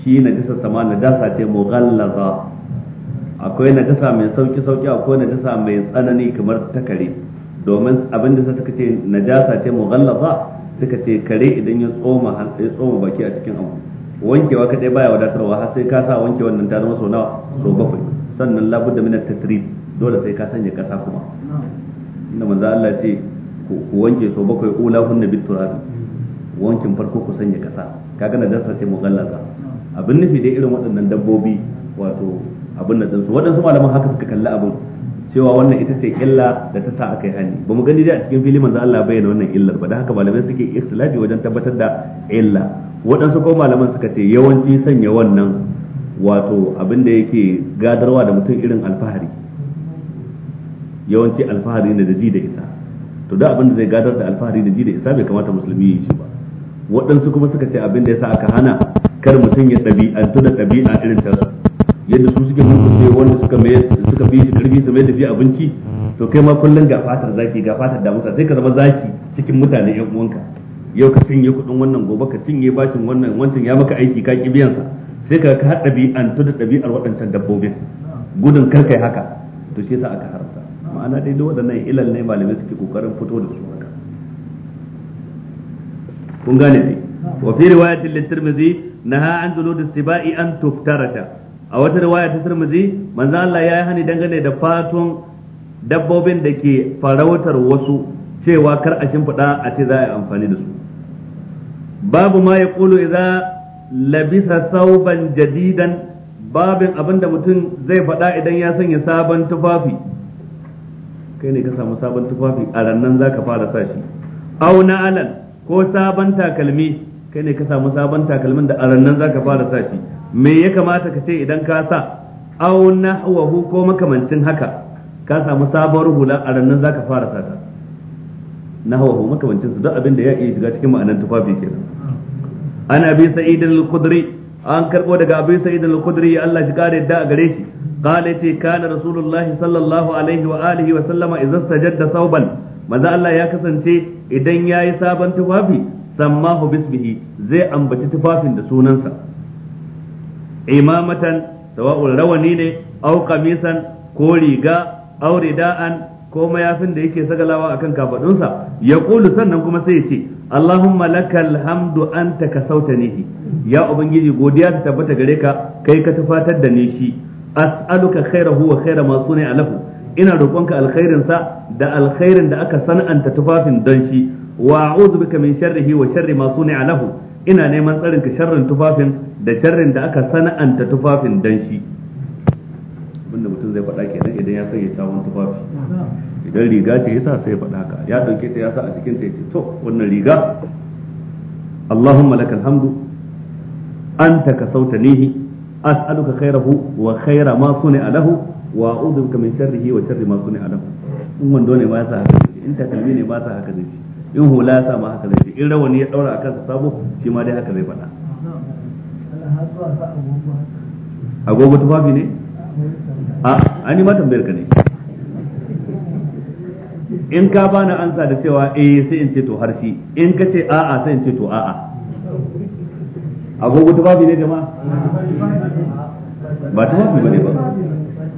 shi najasa sama najasa ce mughallaza akwai najasa mai sauki sauki akwai najasa mai tsanani kamar ta kare domin abin da suka ce najasa ce mughallaza suka ce kare idan ya tsoma baki a cikin abu wankewa kadai baya wadatarwa har sai ka sa wanke wannan ta zama sau nawa sau bakwai sannan labu da minar tatrib dole sai ka sanya kasa kuma inda manzo Allah ce ku wanke sau bakwai ula hunna bit turab wankin farko ku sanya kasa kaga na dasa ce mughallaza abin nufi dai irin waɗannan dabbobi wato abin da dinsu waɗansu malaman haka suka kalli abin cewa wannan ita ce illa da ta sa aka yi hani ba mu gani dai a cikin fili manzo Allah bayyana wannan illar ba dan haka malamai suke ikhtilafi wajen tabbatar da illa waɗansu ko malaman suka ce yawanci sanya wannan wato abin da yake gadarwa da mutum irin alfahari yawanci alfahari ne da ji da isa to da abin da zai gadar da alfahari da ji da isa bai kamata musulmi ya yi shi ba waɗansu kuma suka ce abin da ya sa aka hana kar mutum ya ɗabi'antu da ɗabi'a irin ta yadda su suke mutunce wanda suka mai suka bi shi karfi su mai da bi abinci to kai ma kullun ga fatar zaki ga fatar damusa sai ka zama zaki cikin mutane yan uwanka yau ka cinye kudin wannan gobe ka cinye bashin wannan wancan ya maka aiki ka ki biyan sa sai ka ka hada bi'antu da dabi'ar waɗancan dabbobin gudun kar kai haka to shi yasa aka haramta ma'ana dai da waɗannan ilal ne malamai suke kokarin fito da su haka kun gane ne wa fi riwayatil tirmidhi naha an zulud sibai an tuftarata a wata riwaya ta Tirmidhi manzo Allah ya yi hani dangane da fatun dabbobin da ke farautar wasu cewa kar a shimfiɗa a ce za a yi amfani da su babu ma ya kulu idza labisa sauban jadidan babin abin da mutum zai faɗa idan ya sanya sabon tufafi kai ne ka samu sabon tufafi a rannan za ka fara sa shi au na alal ko sabon takalmi kai ne ka samu sabon takalmin da a rannan za ka fara sa shi me ya kamata ka ce idan ka sa aw nahwahu ko makamancin haka ka samu sabuwar hula a rannan za ka fara sata nahwahu makamancin su duk abin da ya iya shiga cikin ma'anar tufafi ke. ana bi sa'idin al an karbo daga abi sa'idin al ya Allah shi kare da gare shi qala ce kana rasulullah sallallahu alaihi wa alihi wa sallama idan sajadda sauban maza Allah ya kasance idan yayi sabon tufafi sammahu bisbihi zai ambaci tufafin da sunansa imamatan sawa'ul rawani ne aw qamisan ko riga aw rida'an ko mayafin da yake sagalawa akan kafadunsa ya kulu sannan kuma sai ya ce Allahumma lakal hamdu anta kasautanihi ya ubangiji godiya ta tabbata gare ka kai ka tafatar da ni shi as'aluka khairahu wa khaira ma suni'a alahu ina roƙonka alkhairin sa da alkhairin da aka san'anta tufafin don shi wa a'udhu bika min sharrihi wa sharri ma suni'a alahu. ina neman tsarin ka sharrin tufafin da sharrin da aka sana'anta tufafin dan shi abinda mutum zai faɗa kenan idan ya sanya tawon tufafi idan riga ce yasa sai faɗa haka ya ɗauke ta yasa a cikin ta yace to wannan riga Allahumma lakal hamdu anta kasautanihi as'aluka khairahu wa khaira ma suni'a lahu wa a'udhu bika min sharrihi wa sharri ma suni'a lahu in wando ne ba sa haka in takalmi ne ba sa haka zai in hula ya samu haka zai in rawani ya daura a kansa sabo shi ma dai haka zai faɗa agogo tufafi ne a yi matan bayar ka ne in ka bani ansa da cewa eh sai in ce to harshe in ka ce a'a sai in ce to a'a agogo tufafi ne jama'a ba tufafi ne ba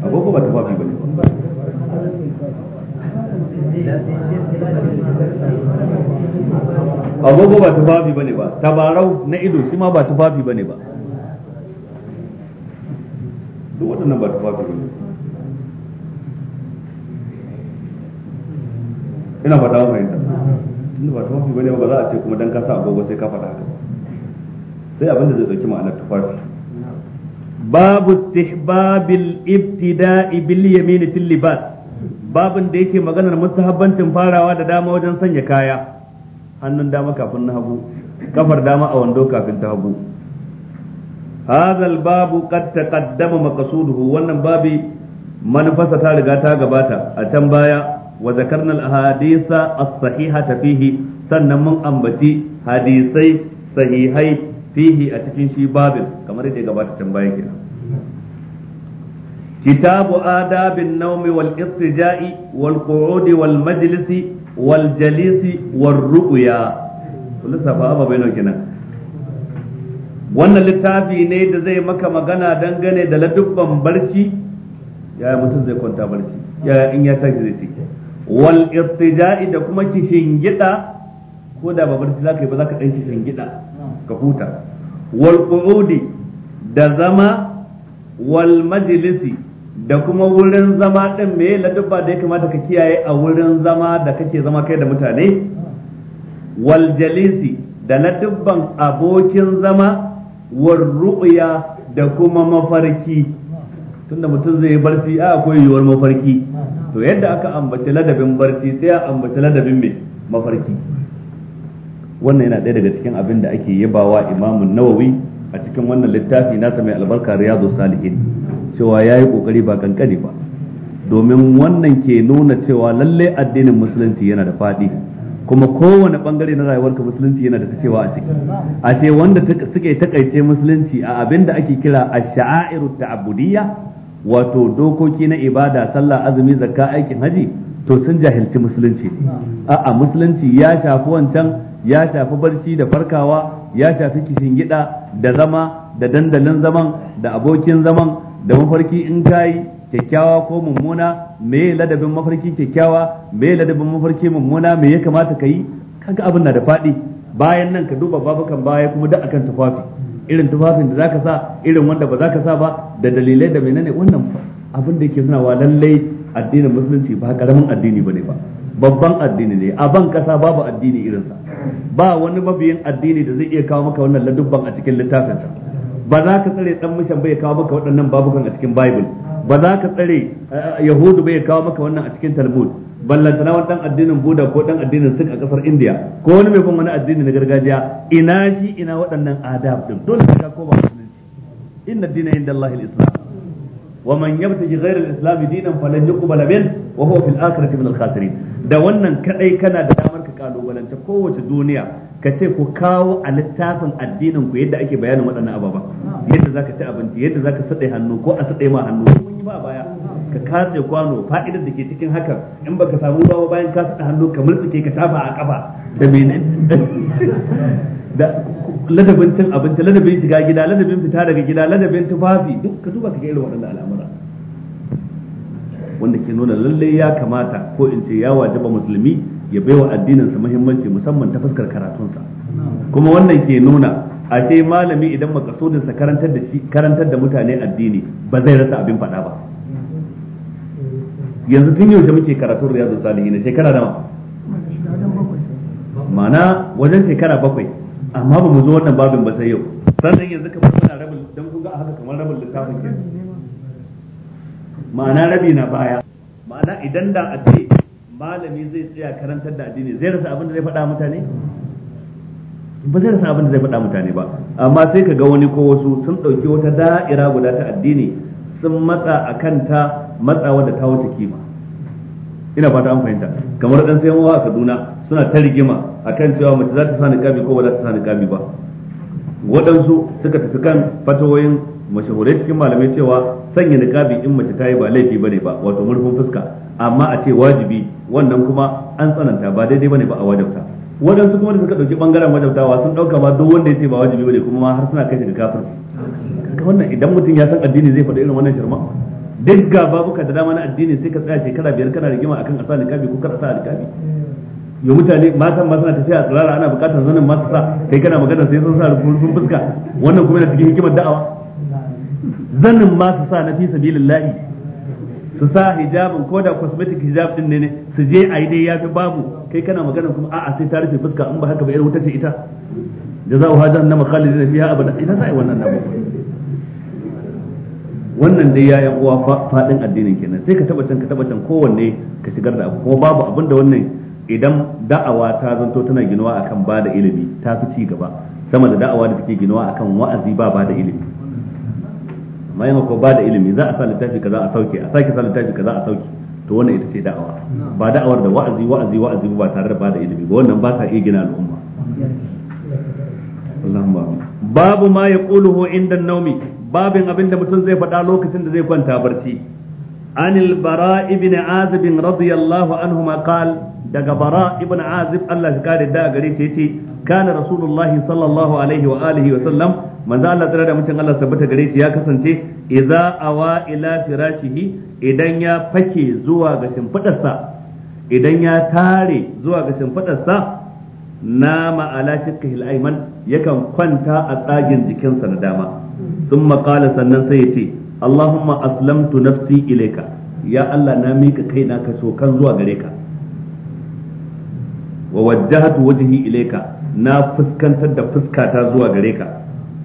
agogo ba tufafi ne ba agogo ba tufafi bane ba tabarau na ido shi ma ba tufafi bane ba duk waɗannan ba tufafi ne ina ba dawo fahimta tunda ba tufafi bane ba za a ce kuma don kasa agogo sai ka faɗa haka sai abin da zai dauki ma'anar tufafi babu istihbabil ibtida'i bil yamin fil libas babin da yake maganar mustahabbancin farawa da dama wajen sanya kaya hannun dama kafin na hagu kafar dama a wando kafin ta hagu hazal babu قد taqaddama maqsuduhu wannan babi manufasa ta riga ta gabata a can baya wa zakarna al-ahadisa as-sahihata fihi sannan mun ambaci hadisai sahihai fihi a cikin shi babin kamar yadda gabata can baya kenan كتاب آداب النوم والاضطجاء والقعود والمجلس والجليس والرؤيا كل سفاها بينه كنا wannan littafi ne da zai maka magana dangane da ladubban barci yaya mutum zai kwanta barci yaya in ya tashi zai wal irtija'i da kuma kishin gida ko da ba barci zaka yi ba zaka dan kishin gida huta wal qu'udi da zama wal majlisi da kuma wurin zama ɗin me ladabba da ya kamata ka kiyaye a wurin zama da kake zama kai da mutane Waljalisi jalisi da ladabban abokin zama war da kuma mafarki tunda mutum zai barci a akwai yiwuwar mafarki to yadda aka ambaci ladabin barci sai a ambaci ladabin mai mafarki wannan yana ɗaya daga cikin abin da ake yabawa imamun nawawi a cikin wannan littafi nasa mai albarka riyadu salihin cewa ya yi kokari ba kankani ba domin wannan ke nuna cewa lallai addinin musulunci yana da faɗi kuma kowane bangare na rayuwarka musulunci yana da ta cewa a ciki a ce wanda suke takaice musulunci a abin da ake kira a sha'airu ta'abudiyya wato dokoki na ibada sallah azumi zakka aikin haji to sun jahilci musulunci a'a musulunci ya shafi wancan ya shafi barci da farkawa ya shafi kishin gida da zama da dandalin zaman da abokin zaman da mafarki in kayi kyakkyawa ko mummuna me ladabin mafarki kyakkyawa me ladabin mafarki mummuna me ya kamata ka yi kaga abin na da faɗi bayan nan ka duba babukan baya kuma duk akan tufafi irin tufafin da zaka sa irin wanda ba zaka sa ba da dalilai da menene wannan abin da yake suna wa lallai addinin musulunci ba karamin addini bane ba babban addini ne a ban kasa babu addini irinsa ba wani mabiyin addini da zai iya kawo maka wannan ladubban a cikin littafinsa ba za ka tsare dan mishan bai kawo maka waɗannan babukan a cikin bible ba za ka tsare eh, yahudu bai kawo maka wannan a cikin talmud ballantana wani dan addinin buda ko dan addinin sikh a kasar india ko wani mai bin wani addini na gargajiya ina shi ina waɗannan adab din dole ka koma musulunci inna dina inda alislam ومن يبتغي غير الاسلام دينا فلن يقبل منه وهو في الاخره من الخاسرين da wannan kadai kana da damar ka kalubalanta kowace duniya ka ce ku kawo a littafin addinin ku yadda ake bayanin waɗannan ababa yadda zaka ci abinci yadda zaka sadai hannu ko a sadai ma hannu mun yi ba baya ka katse kwano fa'idar da ke cikin hakan in baka samu ba bayan ka sada hannu ka murtsike ka shafa a kafa da menene da ladabin cin abinci ladabin shiga gida ladabin fita daga gida ladabin tufafi duk ka duba ka ga irin waɗannan al'amura wanda ke nuna lalle ya kamata ko in ce ya wajaba musulmi ya baiwa addininsa muhimmanci musamman ta fuskar karatunsa kuma wannan ke nuna a ce malami idan makasudinsa karantar da shi karantar da mutane addini ba zai rasa abin faɗa ba yanzu tun yaushe muke karatun riyadu salihin shekara nawa ma'ana wajen shekara bakwai amma ba mu zo wannan babin ba sai yau sannan yanzu kamar suna rabin dan kun ga haka kamar rabin littafin ke ma'ana rabi na baya ma'ana idan da a ce malami zai tsaya karantar da addini zai rasa abin da zai faɗa mutane ba zai rasa abin da zai faɗa mutane ba amma sai ka ga wani ko wasu sun ɗauki wata da'ira guda ta addini sun matsa a kanta matsawa da ta wuce kima ina fata an fahimta kamar dan sai mawa a Kaduna suna ta rigima akan cewa mace za ta sani kabi ko ba za ta sani kabi ba waɗansu suka tafi kan fatawoyin mashahurai cikin malamai cewa sanya niqabi in mace ta yi ba laifi bane ba wato murfin fuska amma a ce wajibi wannan kuma an tsananta ba daidai bane ba a wajabta waɗansu kuma da suka ɗauki ɓangaren wajabtawa sun ɗauka ma duk wanda ya ce ba wajibi bane kuma har suna kai shi ga kafirci wannan idan mutum ya san addini zai faɗi irin wannan shirma duk ga buka da dama na addini sai ka tsaya shekara biyar kana rigima akan asa niqabi ko kar asa hmm. yo mutane matan ma suna tafiya a tsirara ana bukatar zanen masu sa kai kana magana sai sun sa rubutun fuska wannan kuma yana cikin hikimar da'awa zanin masu sa na fi sabilillahi su sa hijabin ko da cosmetic hijab din ne su je a yi dai fi babu kai kana magana kuma a'a sai ta rufe fuska in ba haka ba irin wuta ce ita jaza'u hadan na makhalidin fiha abada ina sai wannan babu wannan dai ya yan uwa fadin addinin kenan sai ka taba can ka taba can kowanne ka shigar da abu ko babu abin da wannan idan da'awa ta zanto tana ginuwa akan ba da ilimi ta fi ci gaba sama da da'awa da take ginuwa akan wa'azi ba ba da ilimi amma yana ko ba da ilimi za a sa littafi kaza a sauke a sake sa littafi kaza a sauke to wannan ita ce da'awa ba da'awar da wa'azi wa'azi wa'azi ba tare da ba da ilimi ba wannan ba ta iya gina al'umma Allahumma babu ma yaquluhu inda naumi babin abin da mutum zai faɗa lokacin da zai kwanta barci عن البراء بن عازب رضي الله عنهما قال دق براء بن عازب الله قال دا غريتي كان رسول الله صلى الله عليه وآله وسلم من ذا الله ترى متن الله ثبت غريتي يا كسنتي إذا أوى إلى فراشه إذن يا فكي زوا غشم فتسا إذن يا تاري زوا غشم فتسا نام على شقه الأيمن يكن كنت أتاجن جكنسا نداما sun makala sannan sai ya ce Allahumma aslamtu nafsi ilaika ya Allah na mika kaina ka so kan zuwa gare ka wa wajjahatu wajhi ilaika na fuskantar da fuskata zuwa gare ka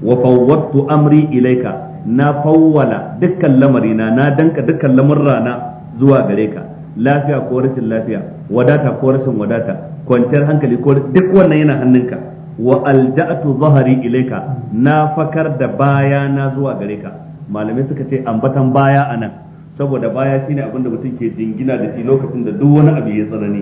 wa fawwadtu amri ilaika na fawwala dukkan lamarina na danka dukkan rana zuwa gare ka lafiya ko rashin lafiya wadata ko rashin wadata kwanciyar hankali ko duk wannan yana hannunka wa alja'tu zahari ilaika na fakar da baya na zuwa gare ka malamai suka ce ambatan baya anan saboda baya shine abin da mutum ke jingina da shi lokacin da duk wani abu ya tsanani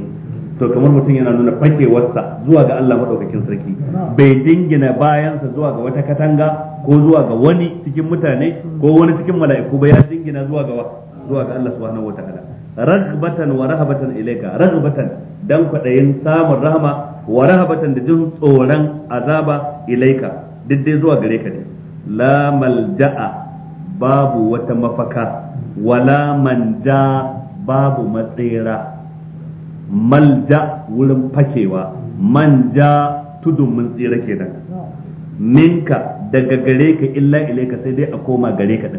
to kamar mutum yana nuna fakewarsa zuwa ga Allah madaukakin sarki bai jingina bayansa zuwa ga wata katanga ko zuwa ga wani cikin mutane ko wani cikin mala'iku ba ya dingina zuwa ga zuwa ga Allah subhanahu wataala ragbatan wa rahabatan ilayka ragbatan dan kwadayin samun rahama wa rahabatan da jin tsoron azaba ilaika diddai zuwa gare ka la malja'a babu wata mafaka wala manja babu matsira malja wurin fakewa manja tudun mun tsira kenan minka daga gare ka illa ilaika sai dai a koma gare ka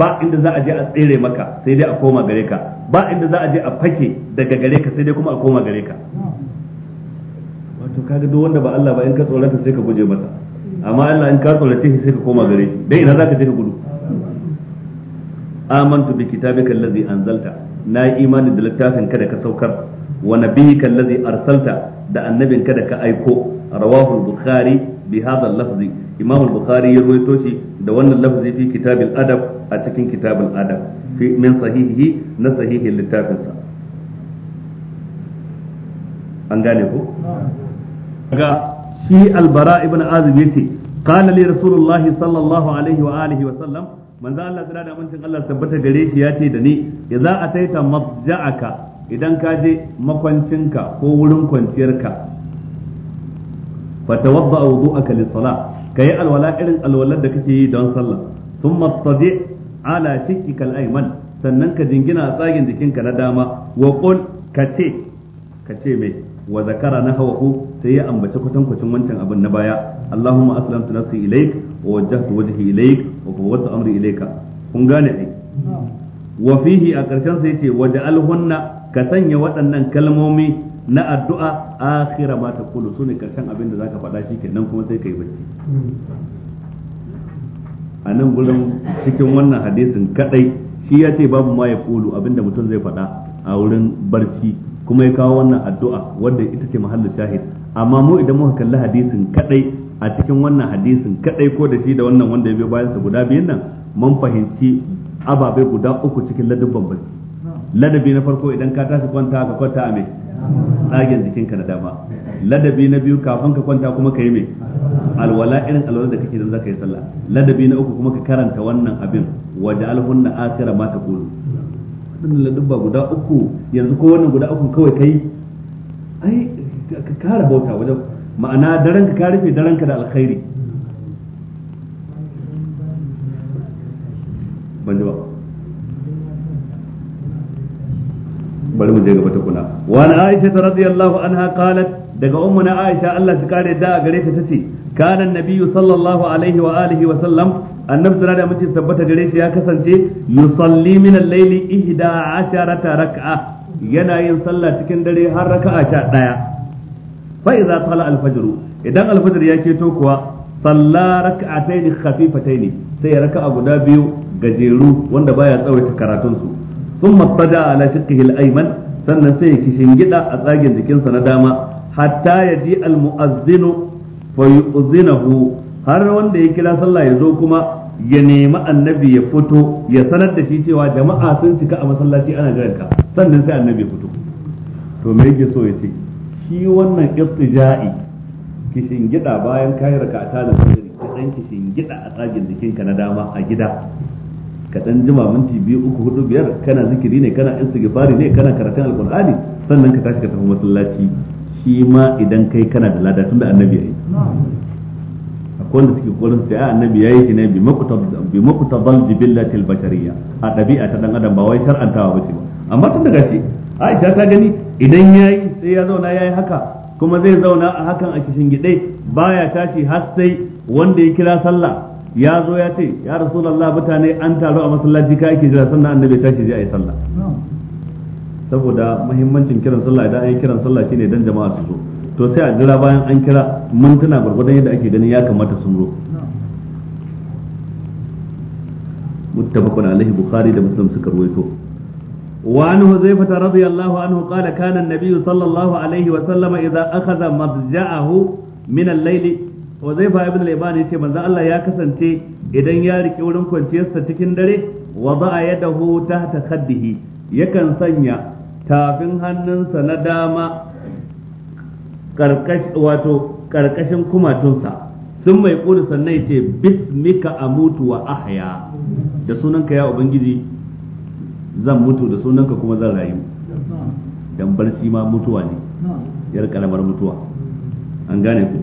ba inda za a je a tsere maka sai dai a koma gare ka ba inda za a je a fake daga gare ka sai dai kuma a koma gare ka wato kaga duk wanda ba Allah ba in ka tsorata sai ka guje masa amma Allah in ka tsorace shi sai ka koma gare shi dai ina za ka je ka gudu amantu bi kitabika allazi anzalta na yi imani da littafin kada ka saukar wa nabiyyika allazi arsalta da annabin kada ka aiko rawahu al-bukhari bi hadha al-lafzi imam al-bukhari ya rawaito shi da wannan lafzi fi kitab al-adab a cikin kitab al-adab fi min sahihihi na sahihin littafin sa an gane ko ga shi albara ibn azib yace qala li rasulullahi sallallahu alaihi wa alihi wa sallam manzo Allah tsira da amincin Allah tabbata gare shi ya ce da ni idza a ka idan ka je makwancinka ko wurin kwanciyarka fatawadda wudu'aka lis-salah kayi alwala irin alwalar da kake yi don sallah thumma tadi ala shikkika al-ayman sannan ka jingina a tsagin jikinka na dama wa qul kace kace mai wa zakara na ku sai ya ambaci kwatankwacin wancan abin na baya Allahumma aslamtu nafsi ilaik wa wajjahtu wajhi ilaik wa fawwadtu amri ilaika kun gane ai wa fihi a karshen sai ce waj'alhunna ka sanya waɗannan kalmomi na addu'a akhira ma taqulu sune karshen abin da zaka faɗa nan kuma sai kai bacci a nan gurin cikin wannan hadisin kadai shi ya ce babu ma ya kulu abinda mutum zai faɗa a wurin barci kuma ya kawo wannan addu'a wanda ita ce mahallin shahid amma mu idan muka kalli hadisin kadai a cikin wannan hadisin kadai ko da shi da wannan wanda ya biyo bayan sa guda biyan nan mun fahimci ababe guda uku cikin ladabban barci ladabi na farko idan ka tashi kwanta ka kwanta a mai tsagen jikinka na dama ladabi na biyu kafin ka kwanta kuma ka yi mai alwala irin alwala da kake don zaka yi sallah ladabi na uku kuma ka karanta wannan abin waje alhunna asira ma ta sannan ladabba guda uku yanzu ko wannan guda uku kawai kai ai ka kara bauta wajen ma'ana daren ka ka rufe daren ka da alkhairi ban ji ba bari mu je gaba ta kuna wa an aisha radiyallahu anha qalat daga ummuna aisha Allah ta kare da gare ta tace kana annabiyyu sallallahu alaihi wa alihi wa sallam annabi sura da mace tabbata gare shi ya kasance yusalli min al-layli ihda asharata rak'a yana yin sallah cikin dare har raka'a ta daya fa idza tala al-fajr idan al-fajr ya keto kuwa salla rak'atayn ne sai ya raka'a guda biyu gajeru wanda baya tsawaita karatun su thumma tada ala shiqqihi al-ayman sannan sai ya kishingida a tsagin jikinsa na dama hatta yaji al-mu'azzinu fa yu'zinahu har wanda ya kira sallah ya zo kuma ya nemi annabi ya fito ya sanar da shi cewa jama'a sun cika a masallaci ana jiran ka sannan sai annabi ya fito to me yake so ya ce shi wannan iftija'i kishin gida bayan kayi rakata da sujudi ka dan kishin gida a tsagin jikinka na dama a gida ka dan jima minti biyu uku hudu biyar kana zikiri ne kana istighfari ne kana karatun alqur'ani sannan ka tashi ka tafi masallaci shi ma idan kai kana da lada da annabi yayi wanda suke kokarin sai annabi yayi shi ne bi bi muqtabal jibillatil bashariyya a dabi'a ta dan adam ba wai shar'antawa bace ba amma tun daga shi Aisha ta gani idan yayi sai ya zauna yayi haka kuma zai zauna a hakan a kishin gide baya tashi har sai wanda ya kira sallah ya zo ya ce ya rasulullahi mutane an taru a masallaci ka ake jira sannan annabi tashi zai yi sallah saboda muhimmancin kiran sallah idan an yi kiran sallah shine dan jama'a su zo to a jira bayan an kira mintuna gwargwadon yadda ake ganin ya kamata sun ro muttafaqun alaihi bukhari da muslim suka ruwaito wa an huzaifa radiyallahu anhu qala kana an-nabiy sallallahu alaihi wa sallam idza akhadha mabja'ahu min al-layl huzaifa ibn al-ibani yace Allah ya kasance idan ya rike wurin kwanciyarsa cikin dare wada'a yadahu ta khaddihi yakan sanya tafin hannunsa na dama wato karkashin kumatunsa sun mai ƙuri sannan ya ce bismika a mutu wa ahaya da sunanka ya ubangiji zan mutu da sunanka kuma zan rayu dan barci ma mutuwa ne yar karamar mutuwa an gane ku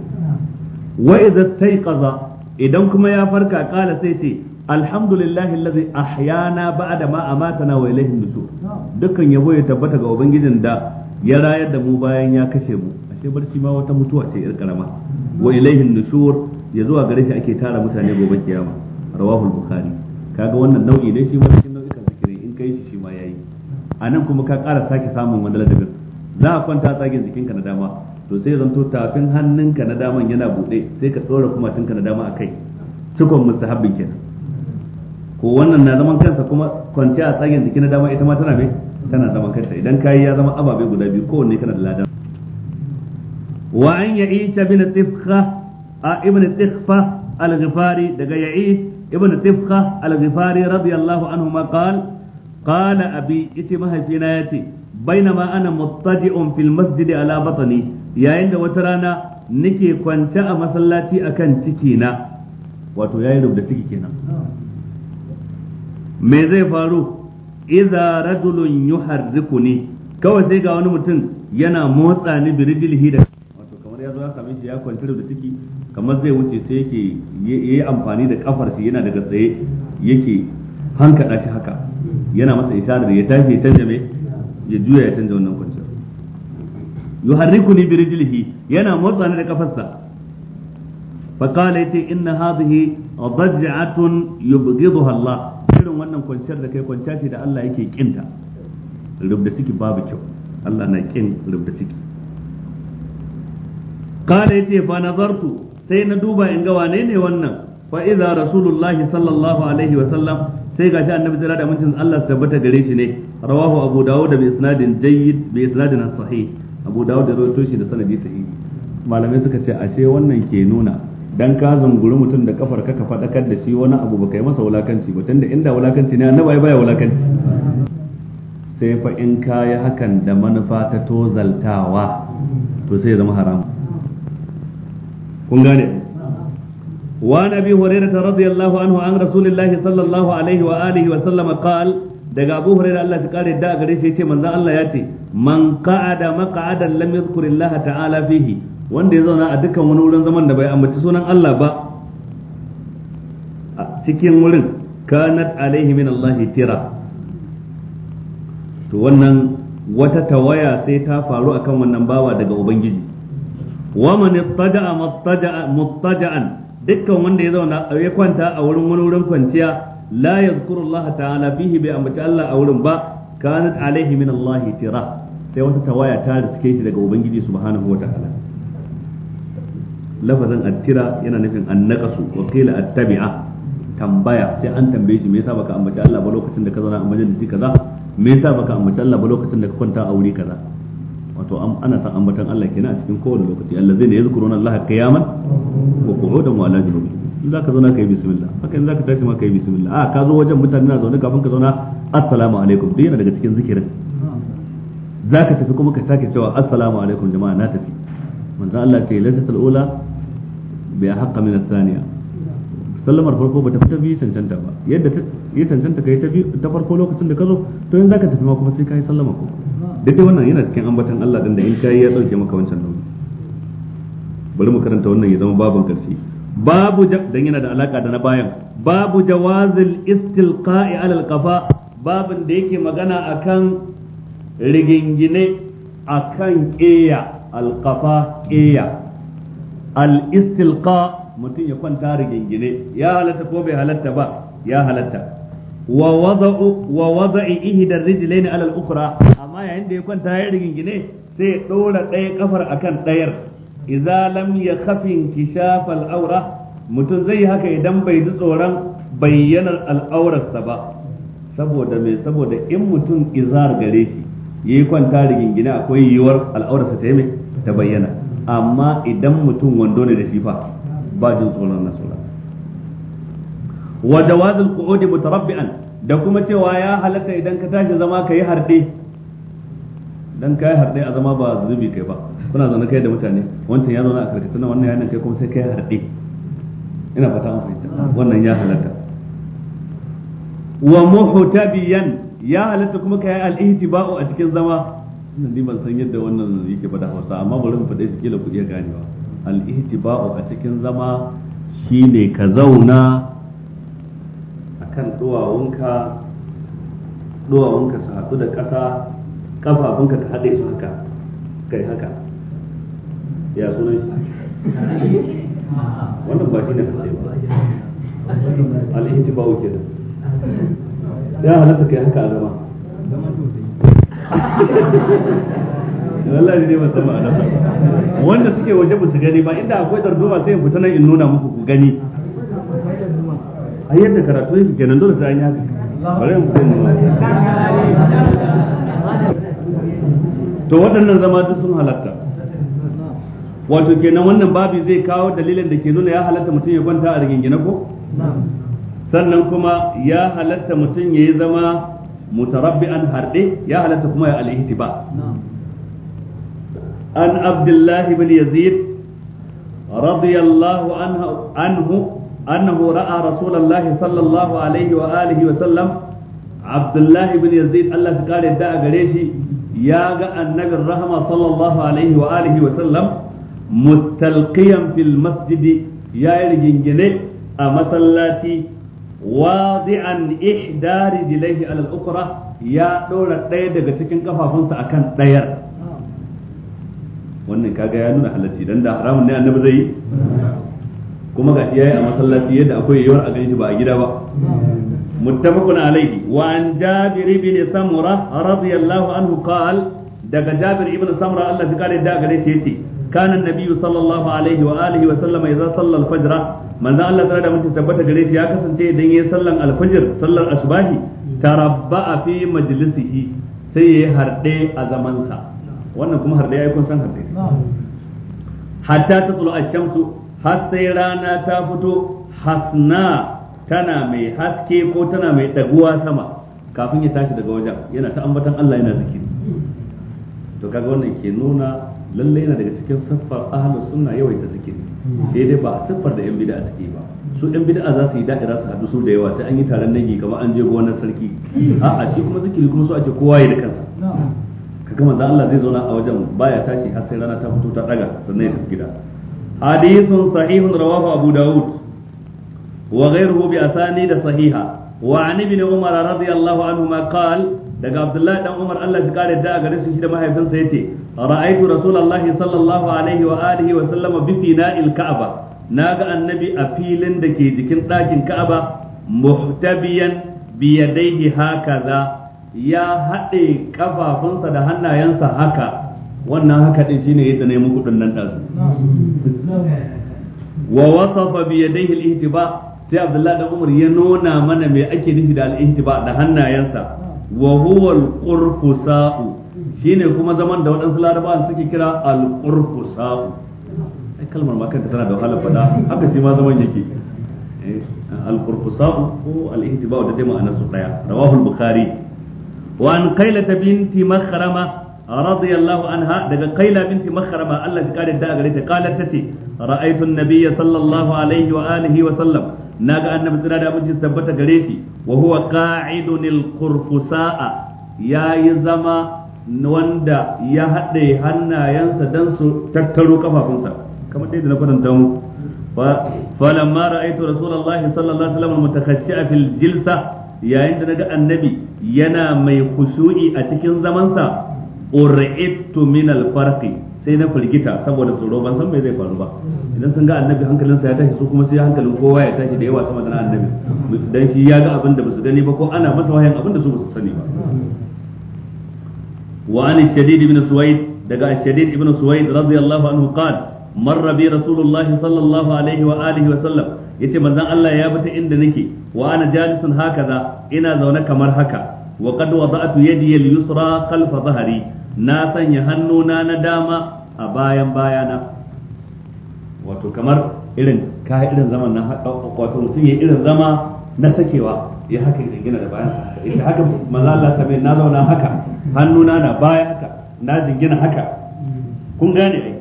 wa idza taiqaza idan kuma ya farka kala sai ce alhamdulillahi allazi ahyana ba'da ma amatana wa ilayhi nusur dukkan yabo ya tabbata ga ubangijin da ya rayar da mu bayan ya kashe mu sai barci ma wata mutuwa ce yar karama wa ilaihin nusur ya zuwa gare shi ake tara mutane gobe kiyama rawahul bukhari kaga wannan nau'i ne shi ma nau'ikan zikirin in kai shi shi ma yayi anan kuma ka ƙara sake samun wani ladabin za a kwanta tsagen jikinka na dama to sai zanto tafin hannunka na daman yana buɗe sai ka tsora ka na dama akai cikon mustahabbin kenan ko wannan na zaman kansa kuma kwanciya a tsagen jiki na dama ita ma tana me tana zaman kanta idan kayi ya zama ababe guda biyu kowanne kana da ladan wa an ya'ish bin tifkha a ibn tifkha al daga ya'ish ibn tifkha al-ghifari radiyallahu anhu ma qala qala abi iti mahaifina yace bainama ana muttaji'un fil masjid ala batni yayin da wata rana nake kwance a masallaci akan ciki na wato yayi rubda ciki kenan me zai faru idza rajulun yuharrikuni kawai sai ga wani mutum yana motsa ni birijilhi da shi ya kwantar da ciki kamar zai wuce sai yake yayi amfani da kafar shi yana daga tsaye yake hankada shi haka yana masa isharar ya tafi ya canja mai ya juya ya canja wannan kwanciyar yuharrikuni bi rijlihi yana motsa ni da kafarsa fa qala yace inna hadhihi daj'atun yubghiduha Allah irin wannan kwanciyar da kai kwanciya ce da Allah yake kinta rubda ciki babu kyau Allah na kin rubda ciki qala yace fa nazartu sai na duba in ga wane ne wannan fa idza rasulullahi sallallahu alaihi wa sallam sai gashi annabi tsira da mutum Allah su tabbata gare shi ne rawahu abu dawud da bi isnadin jayyid bi isnadin sahih abu dawud da rawaito shi da sanadi sahihi malamai suka ce ashe wannan ke nuna dan ka zunguri mutum da kafar ka ka fadakar da shi wani abu baka yi masa wulakanci ba tunda inda wulakanci ne annabi baya wulakanci sai fa in kayi hakan da manufa ta tozaltawa to sai ya zama haramu kun gane wa nabi hurairah radiyallahu anhu an rasulullahi sallallahu alaihi wa alihi wa sallam qala daga abu hurairah Allah ya kare da gare shi yace manzo Allah ya ce man qa'ada maq'adan lam yadhkurillaha ta'ala fihi wanda ya zauna a dukkan wani wurin zaman da bai ambaci sunan Allah ba cikin wurin kanat alaihi min Allah tira to wannan wata tawaya sai ta faru akan wannan bawa daga ubangiji wa man ittaja'a muttaja'an dukkan wanda ya kwanta a wurin wani wurin kwanciya la yadhkurullaha ta'ala fihi bai ambaci Allah a wurin ba kanat alaihi min Allah sai wata tawaya ta riske shi daga ubangiji subhanahu wa ta'ala lafazin attira yana nufin annaqasu wa qila attabi'a tambaya sai an tambaye shi me yasa baka ambaci Allah ba lokacin da ka zauna a majalisi kaza me baka Allah ba lokacin da ka kwanta a kaza wato ana san ambaton Allah kenan a cikin kowane lokaci Allah zai ya yazkuruna Allah ko wa qu'udan wa ala junubihim in zaka zauna kai bismillah haka in zaka tashi ma kai bismillah a ka zo wajen mutane na zaune kafin ka zauna assalamu alaikum duk yana daga cikin zikirin zaka tafi kuma ka sake cewa assalamu alaikum jama'a na tafi manzo Allah ce laysa al-ula bi haqqi min ath-thaniya sallamar farko bata fi ta biyu cancanta ba yadda ya cancanta kai ta biyu ta farko lokacin da ka zo to yanzu zaka tafi ma kuma sai yi sallama ko duk dai wannan yana cikin ambatan Allah din da in kai ya dauke maka wancan nauyi bari mu karanta wannan ya zama babun karshe babu dan yana da alaka da na bayan babu jawazil istilqa'i alal qafa babin da yake magana akan rigingine akan qiya alqafa qiya al istilqa' mutum ya kwanta rigingine ya halatta ko bai halatta ba ya halatta wa wada'u wa wada'i ihda rijlaini ala ukhra amma yayin da ya kwanta ya rigingine sai ya dora ɗaya kafar akan ɗayar idza lam yakhaf inkishaf awra mutum zai yi haka idan bai ji tsoron bayyanar al'aurarsa ba saboda me saboda in mutum izar gare shi yayi kwanta rigingine akwai yiwuwar al'aurarsa ta yi ta bayyana amma idan mutum wando ne da shi fa ba jin tsoron nasara wa jawazul qu'udi mutarabbi'an da kuma cewa ya halatta idan ka tashi zama ka yi harde dan ka yi harde a zama ba zubi kai ba kuna zaune kai da mutane wancan ya zauna a karkashin wannan yanin kai kuma sai ka yi harde ina fata an fahimta wannan ya halatta wa muhtabiyan ya halatta kuma ka yi al-ihtiba'u a cikin zama ni ban san yadda wannan yake faɗa Hausa amma bari mu faɗe shi kila ku iya ganewa al’ihtiba’u a cikin zama shi ne ka zauna kan duwawunka duwawunka su haɗu da ƙasa ƙafafunka ka haɗe su haka kai haka ya sunan shi wannan ba shi ne ka ba al’ihtiba’u ke ya halatta kai haka a zama wallahi ne ban san wanda suke waje ba su gani ba inda akwai darduma sai fita nan in nuna muku ku gani a yadda karatu yake kenan dole sai an yi bari mu fita nuna to waɗannan zama duk sun halatta wato kenan wannan babi zai kawo dalilin da ke nuna ya halatta mutum ya kwanta a rigingine ko sannan kuma ya halatta mutum ya yi zama an harɗe ya halatta kuma ya ba. عن عبد الله بن يزيد رضي الله عنه عنه أنه رأى رسول الله صلى الله عليه وآله وسلم عبد الله بن يزيد الله قال داء غريشي يا النبي الرحمة صلى الله عليه وآله وسلم متلقيا في المسجد يا رجنجني أمسلاتي واضعا إحدى رجليه على الأخرى ya ɗora ɗaya daga cikin kafafunsa akan ɗayar wannan kaga ya nuna halacci dan da haramun ne annabi zai yi kuma ga shi yayi a masallaci yadda akwai yawar a ba a gida ba muttafaqun alayhi wa an jabir ibn samura radiyallahu anhu qala daga jabir ibn samura Allah ya kare da gare shi yace kana annabi sallallahu alaihi wa alihi wa sallama idza salla al-fajr manzo Allah tare da mutum tabbata gare shi ya kasance idan yayin sallar al sallar asbahi tarabba'a fi majlisihi sai ya harde a sa. wannan kuma har da yayi kun san har da hatta ta tsulu a shamsu har rana ta fito hasna tana mai haske ko tana mai daguwa sama kafin ya tashi daga wajen yana ta ambatan Allah yana zikiri to kaga wannan ke nuna lalle yana daga cikin siffar ahlus sunna yawaita zikiri sai dai ba siffar da yan bid'a take ba su yan bid'a za su yi da'ira su hadu su da yawa sai an yi taron nagi kamar an je gonar sarki a'a shi kuma zikiri kuma so ake kowa ya da kansa ka ga manzon Allah zai zauna a wajen baya tashi har sai rana ta fito ta daga sannan ya tafi gida hadithun sahihun rawahu abu daud wa ghayruhu bi asani da sahiha wa an ibn umar radiyallahu anhuma qal daga abdullahi dan umar Allah ya kare da gare shi da mahaifinsa yace ra'aytu rasulullahi sallallahu alaihi wa alihi wa sallama bi fina'il ka'aba naga annabi a filin da ke jikin ɗakin ka'aba muhtabiyan biyadaihi hakaza ya haɗe kafafunsa da hannayensa haka wannan haka ɗin shine yadda na yi muku dinnan ɗansu wa wasafa bi yadayhi al-ihtiba sai Abdullahi da Umar ya nuna mana me ake nufi da al-ihtiba da hannayensa wa huwa al-qurfusa'u shine kuma zaman da waɗansu larabawan suke kira al-qurfusa'u ai kalmar ma kanta tana da wahalar fada haka shi ma zaman yake eh, al-qurfusa'u ko al-ihtiba da dai ma'anar su daya rawahul al-bukhari wa an qailata binti makhrama radiyallahu anha daga qaila binti makhrama Allah ya kare da gare ta qalat tace ra'aytu an-nabiyya sallallahu alaihi wa alihi wa sallam naga annabi abinci tabbata gare shi wa huwa qa'idun al-qurfusa'a yayi zama wanda ya haɗe hannayensa don su tattaro kafafunsa kamar dai da na kwatanta mu falamma ra'aytu sallallahu alaihi yayin da naga annabi yana mai khushu'i a cikin zamansa ur'ibtu min al-farqi sai na firgita saboda tsoro ban san me zai faru ba idan sun ga annabi hankalinsa ya tashi su kuma sai hankalin kowa ya tashi da yawa sama da annabi dan shi ya ga abin da basu gani ba ko ana masa wayan abin da su basu sani ba wa an shadid ibn suwaid daga shadid ibn suwaid radiyallahu anhu qala marra bi rasulullahi sallallahu alaihi wa alihi wa sallam yace manzon Allah ya bi ta inda nake wa ana jalisun hakaza ina zaune kamar haka wa qad wada'tu yadi al-yusra khalfa dhahri na sanya hannuna na dama a bayan bayana wato kamar irin ka irin zaman nan wato mutum ya irin zama na sakewa ya haka ya gina da bayan ita haka maza Allah sami na zauna haka hannuna na baya haka na jingina haka kun gane ai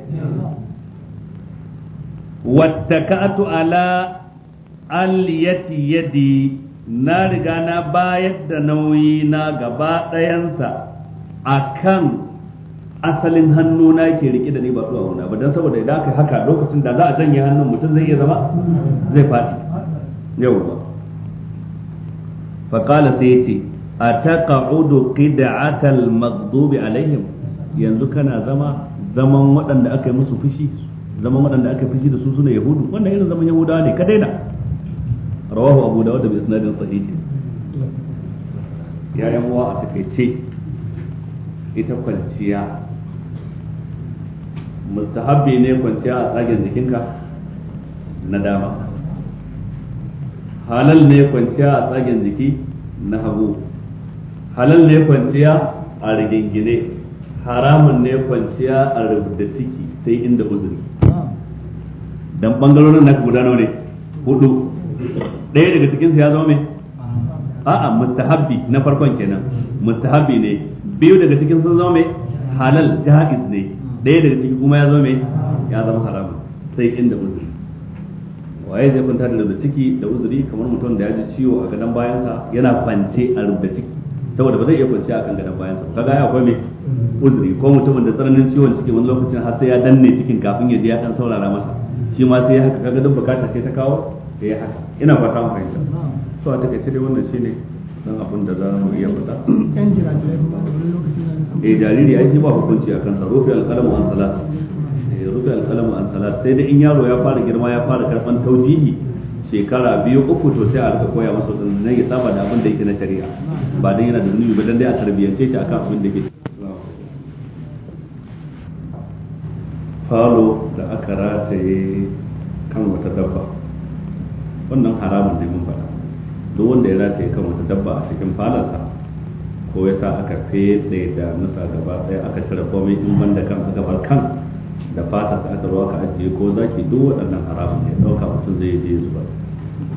wattaka'tu ala alliyati yadi na riga na bayar da nauyi na gaba ɗayansa a kan asalin hannu na ke rike da ni ba zuwa wuna ba don saboda idan aka haka lokacin da za a janye hannun mutum zai iya zama zai faɗi yau ba faƙala sai ya ce a taƙa'udu qida'atal maghdubi alaihim yanzu kana zama zaman waɗanda aka yi musu fushi zaman waɗanda aka fushi da su suna yahudu wannan irin zaman yahudawa ne ka daina rawahu abu dawud bi isnadin sahihi ya yan uwa a takaice ita kwanciya mustahabbi ne kwanciya a tsagen jikinka na dama halal ne kwanciya a tsagen jiki na hagu halal ne kwanciya a rigingine haramun ne kwanciya a rubuta ciki sai inda uzuri dan bangarorin na gudanar ne hudu ɗaya daga cikinsu ya zama mai a'a mustahabbi na farkon kenan mustahabbi ne biyu daga cikin sun zama mai halal jahiz ne ɗaya daga ciki kuma ya zama mai ya zama haram sai inda uzuri waye zai kwanta da da ciki da uzuri kamar mutum da ya ji ciwo a gadon bayansa yana kwance a rubda ciki saboda ba zai iya kwanciya a kan gadon bayansa kaga ya akwai mai uzuri ko mutumin da tsananin ciwon ciki wani lokacin har sai ya danne cikin kafin ya je ya dan saurara masa shi ma sai ya haka kaga duk bukata ce ta kawo da ya haka ina ba ta fahimta so a take sai wannan shine dan abin da za mu iya faɗa kan jira da ba lokacin eh jariri ai ba hukunci akan sa rufi alqalamu an salat eh, rufi alqalamu an salat sai dai in yaro ya fara girma ya fara karban taujihi shekara biyu uku to sai a rika koya masa dan nan ya saba da abin da yake na shari'a ba dan yana da zunubi ba dan dai a tarbiyyance shi akan abin da yake falo da aka rataye kan wata dabba wannan haramun ne mun faɗa duk wanda ya rataye kan wata dabba a cikin falansa ko ya sa aka fede da nusa gaba ɗaya aka cire komai in da kan aka bar kan da fata ta aka ruwa ka ajiye ko zaki duk waɗannan haramun ne ɗauka mutum zai je zuwa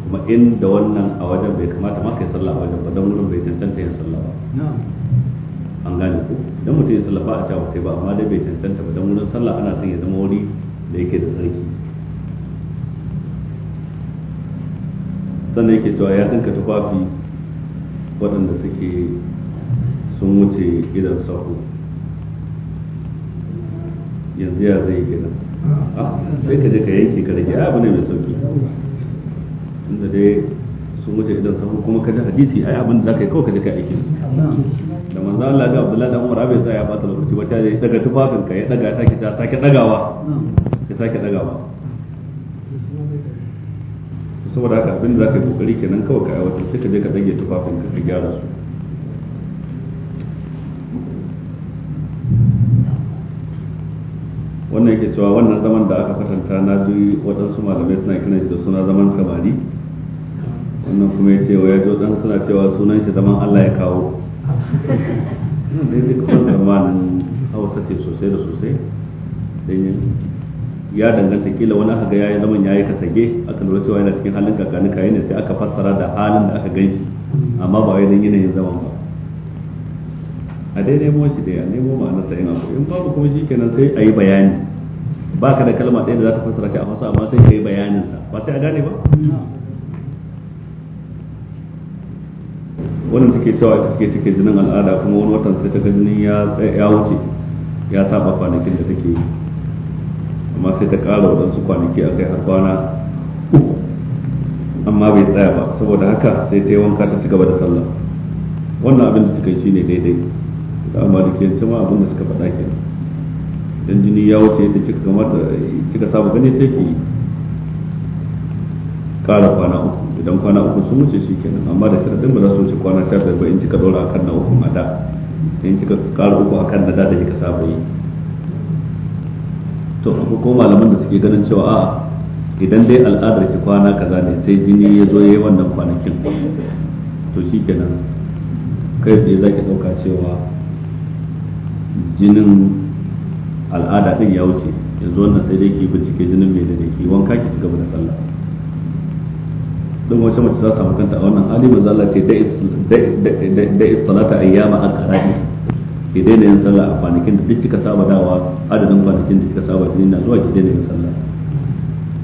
kuma in da wannan a wajen bai kamata ma kai sallah a wajen ba don wurin bai cancanta yin sallah ba an gane ko idan mutum ya sallah ba a cewa kai ba amma dai bai cancanta ba don wurin sallah ana son ya zama wuri da yake da tsarki sannan yake cewa ya dinka tufafi waɗanda suke sun wuce idan sahu yanzu ya zai gina ah, sai ka je ka yanke ka rage abu ne mai sauki inda dai sun wuce idan sahu kuma ka ji hadisi ai abin da za ka yi kawai ka je ka aiki da manzo Allah ga Abdullahi da Umar abin sa ya bata lokaci ba ta daga tufafin ka ya daga sake ta sake dagawa ya sake dagawa saboda haka abin da za ka yi kokari kenan kawai ka aiwatar sai ka je ka dage tufafin ka gyara su wannan yake cewa wannan zaman da aka kwatanta na ji waɗansu malamai suna kina shi da suna zaman samari wannan kuma ya cewa ya ji waɗansu suna cewa sunan shi zaman Allah ya kawo dai duk wannan zamanin hausa ce sosai da sosai ya danganta kila wani aka ga yayi zaman yayi ka sage aka lura cewa yana cikin halin kakanin kayi ne sai aka fassara da halin da aka gaishe amma ba wai dan yanayin zaman ba a dai nemo shi da ya nemo ma'ana sai in abu in babu kuma shikenan sai ayi bayani ba ka da kalma ɗaya da za ta fassara shi a masa amma sai kai bayanin sa ba sai a gane ba wannan take cewa ita take take jinin al'ada kuma wani watan sai ta ga jinin ya ya wuce ya saba kwanakin da take yi amma sai ta ƙara waɗansu kwanaki a kai har kwana uku amma bai tsaya ba saboda haka sai ta yi wanka ta ci gaba da sallah wannan abin da suka yi shine daidai da amma da ke ma abin da suka faɗa ke dan jini ya wuce yadda kika kamata kika saba gani sai ki kara kwana uku idan kwana uku sun wuce shi kenan amma da sirrin ba za su wuce kwana sha biyar ba in kika dora akan na uku a da in kika kara uku akan na da da kika saba yi to akwai ko malaman da suke ganin cewa a'a idan dai al'adar ki kwana kaza ne sai jini ya zo yayi wannan kwanakin to shikenan kai sai zaki dauka cewa jinin al'ada din ya wuce yanzu wannan sai dai ki bincike jinin mai da ki wanka ki ci gaba da sallah don wace mace za ta samu a wannan hali manzo Allah ce da da da salata ayyama aqra'i ki daina yin sallah a kwanakin da duk kika saba dawa adadin kwanakin da kika saba jini na zuwa ki daina yin sallah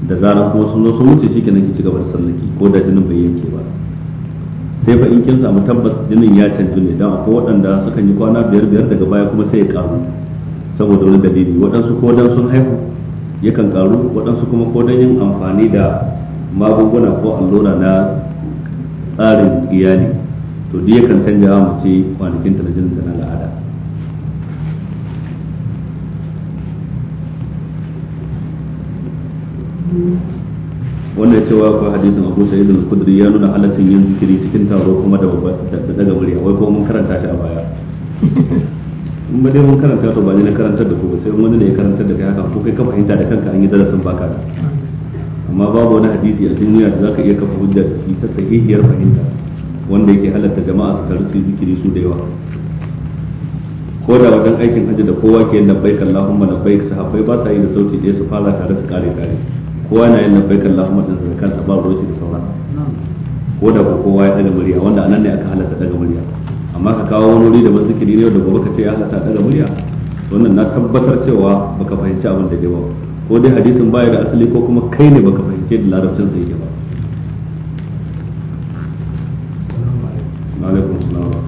da zarar kuma sun zo sun wuce shikenan ki ci gaba da ki ko da jinin bai yanke ba sai fa in kin samu tabbas jinin ya canju ne dan akwai waɗanda sukan yi kwana biyar biyar daga baya kuma sai ya karu saboda wani dalili waɗansu ko dan sun haihu yakan karu waɗansu kuma ko dan yin amfani da magunguna ko allura na tsarin iyali to duk yakan canja mace kwanakin ta da jinin ta na al'ada wannan cewa ko hadisin Abu Sa'id al-Khudri ya nuna halaccin yin zikiri cikin taro kuma da da daga murya wai ko mun karanta shi a baya in ba dai mun karanta to ba ni na karantar da ku sai wani ne ya karantar da kai haka ko kai ka fahimta da kanka an yi darasin baka da amma babu wani hadisi a duniya da zaka iya kafa hujja da shi ta sahihiyar fahimta wanda yake halatta jama'a su taru su zikiri su da yawa ko da wajen aikin hajji da kowa ke labbaik Allahumma labbaik sahabbai ba sa yi da sauti ɗaya su fara tare su kare kare. kowa na yin labbaik Allahumma din da kansa ba roshi da sauran ko da ko kowa ya daga murya wanda anan ne aka halatta daga murya amma ka kawo wani wuri da ban zikiri ne da gobe ka ce ya halatta daga murya wannan na tabbatar cewa baka fahimci abin da ba ko dai hadisin baya da asali ko kuma kai ne baka fahimce da larabcin sa yake ba alaikum salam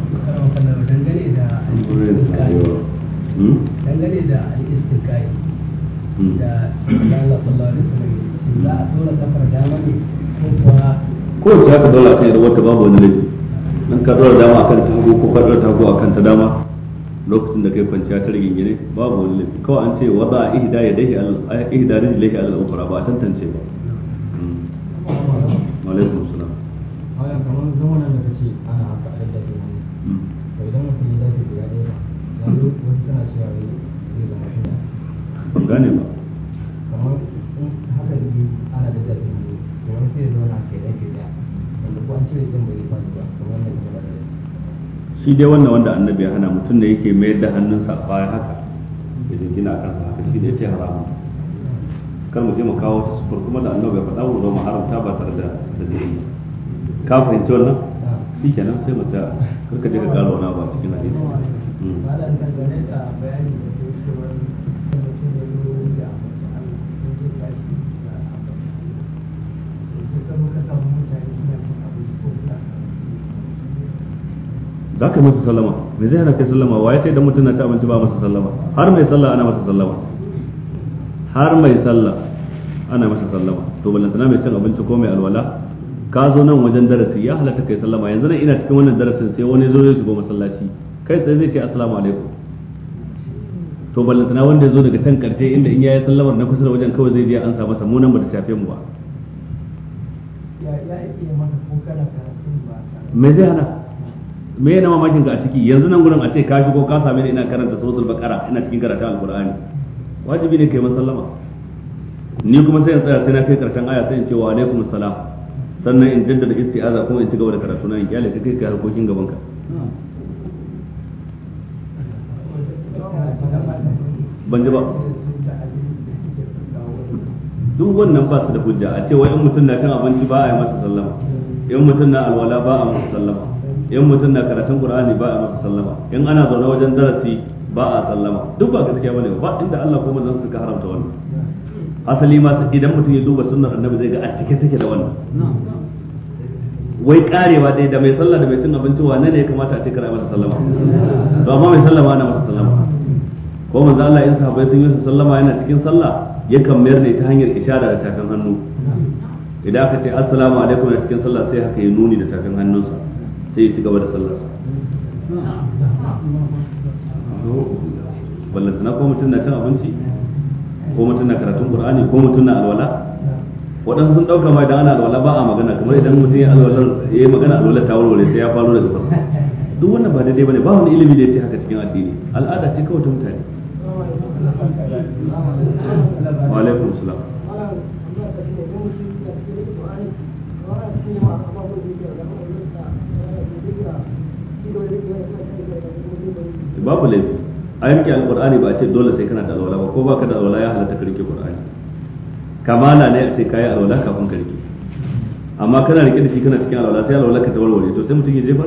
dangane da hmm? Hmm? dangane da al-istikai hmm. da Allah ko wace haka dole kan yadda wata babu wani laifi nan ka dora dama akan ta hagu ko ka ta hagu akan ta dama lokacin da kai kwanciya ta rigingine babu wani laifi kawai an ce wada ihda a al ihda rijlihi al ukhra ba a tantance ba shi dai wannan wanda annabi ya hana mutum da yake mayar da hannunsa a baya haka ya jingina a kansa haka shi ne ya ce haramun kar mu je mu kawo ta sufar kuma da annabi ya faɗa mu zo mu haramta ba tare da dalili ka fahimci wannan shi kenan sai mu ta karka je ka ƙara wani ba cikin hadisi Thank hmm. za ka masa sallama me zai hana kai sallama wa ya ce da mutum na ci abinci ba masa sallama har mai sallah ana masa sallama har mai sallah ana masa sallama to ballantana mai cin abinci ko mai alwala ka zo nan wajen darasi ya halatta kai sallama yanzu nan ina cikin wannan darasin sai wani zo zai shigo masallaci kai tsaye zai ce assalamu alaikum to ballantana wanda ya zo daga can karshe inda in yayi sallamar na kusa da wajen kawai zai biya an sa masa mu nan ba da shafe mu ba me zai hana me yana mamakin ka a ciki yanzu nan gurin a ce ka shigo ka same ni ina karanta suratul baqara ina cikin karatun alqur'ani wajibi ne kai masallama ni kuma sai in tsaya sai na kai karshen aya sai in ce wa alaikum salam sannan in jaddada isti'aza kuma in ci gaba da karatu na in kyale ka kai ka harkokin gaban ka ban ji ba duk wannan ba su da hujja a ce wai in mutum na cin abinci ba a yi masa sallama in mutum na alwala ba a masa sallama in mutum na karatun qur'ani ba a masa sallama in ana zaune wajen darasi ba a sallama duk ba gaskiya bane ba inda Allah ko manzon suka haramta wannan asali ma idan mutum ya duba sunnar annabi zai ga a cike take da wannan wai karewa dai da mai sallah da mai cin abinci wane ne ya kamata a ce kana masa sallama to amma mai sallama ana masa sallama ko manzo Allah in sahabbai sun yi sallama yana cikin sallah yakan mayar ne ta hanyar isharar da takan hannu idan aka ce assalamu alaikum a cikin sallah sai haka ya nuni da takan hannunsa sai ci gaba da sallarsa ballantana ko mutum na cin abinci ko mutum na karatun qur'ani ko mutum na alwala waɗansu sun ɗauka ma idan ana alwala ba a magana kamar idan mutum ya alwala ya yi magana alwala ta warware sai ya faru da zuwa duk wannan ba daidai bane ba wani ilimi da ya ce haka cikin addini al'ada ce kawai ta mutane wa alaikum salam babu laifi a yanke alqur'ani ba a ce dole sai kana da alwala ba ko ba ka da alwala ya halatta ka rike qur'ani kamala ne a ce kai alwala kafin ka rike amma kana rike da shi kana cikin alwala sai alwala ka ta warware to sai mutum ya jefa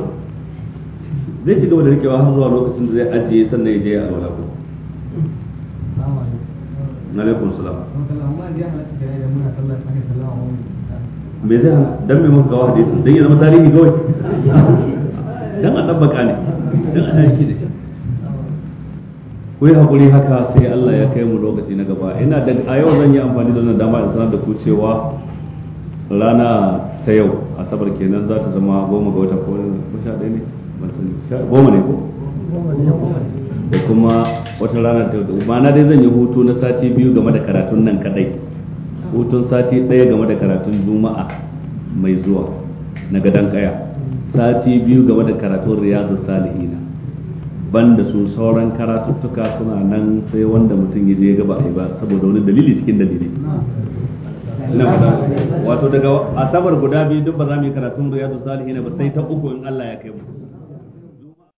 zai ci gaba da rikewa har zuwa lokacin da zai ajiye sannan ya je ya alwala ko alaikum salam me zai hana dan me muka kawo hadisin dan ya zama tarihi kawai dan a tabbaka ne dan a yake da shi kuyi hakuri haka sai Allah ya kai mu lokaci na gaba ina da a yau zan yi amfani da wannan dama da sanar da ku cewa rana ta yau asabar kenan za ta zama goma ga wata ko sha ɗaya ne ban sani goma ne ko da kuma wata rana ta yau ma'ana dai zan yi hutu na sati biyu game da karatun nan kadai hutun sati ɗaya game da karatun juma'a mai zuwa na gadon kaya sati biyu game da karatun riyazu salihina banda su sauran karatuttuka suna nan sai wanda mutum ya je gaba a ba saboda wani dalili cikin dalili wato daga asabar guda biyu duk ba za mu yi karatun riyadu salihin ba sai ta uku in Allah ya kai mu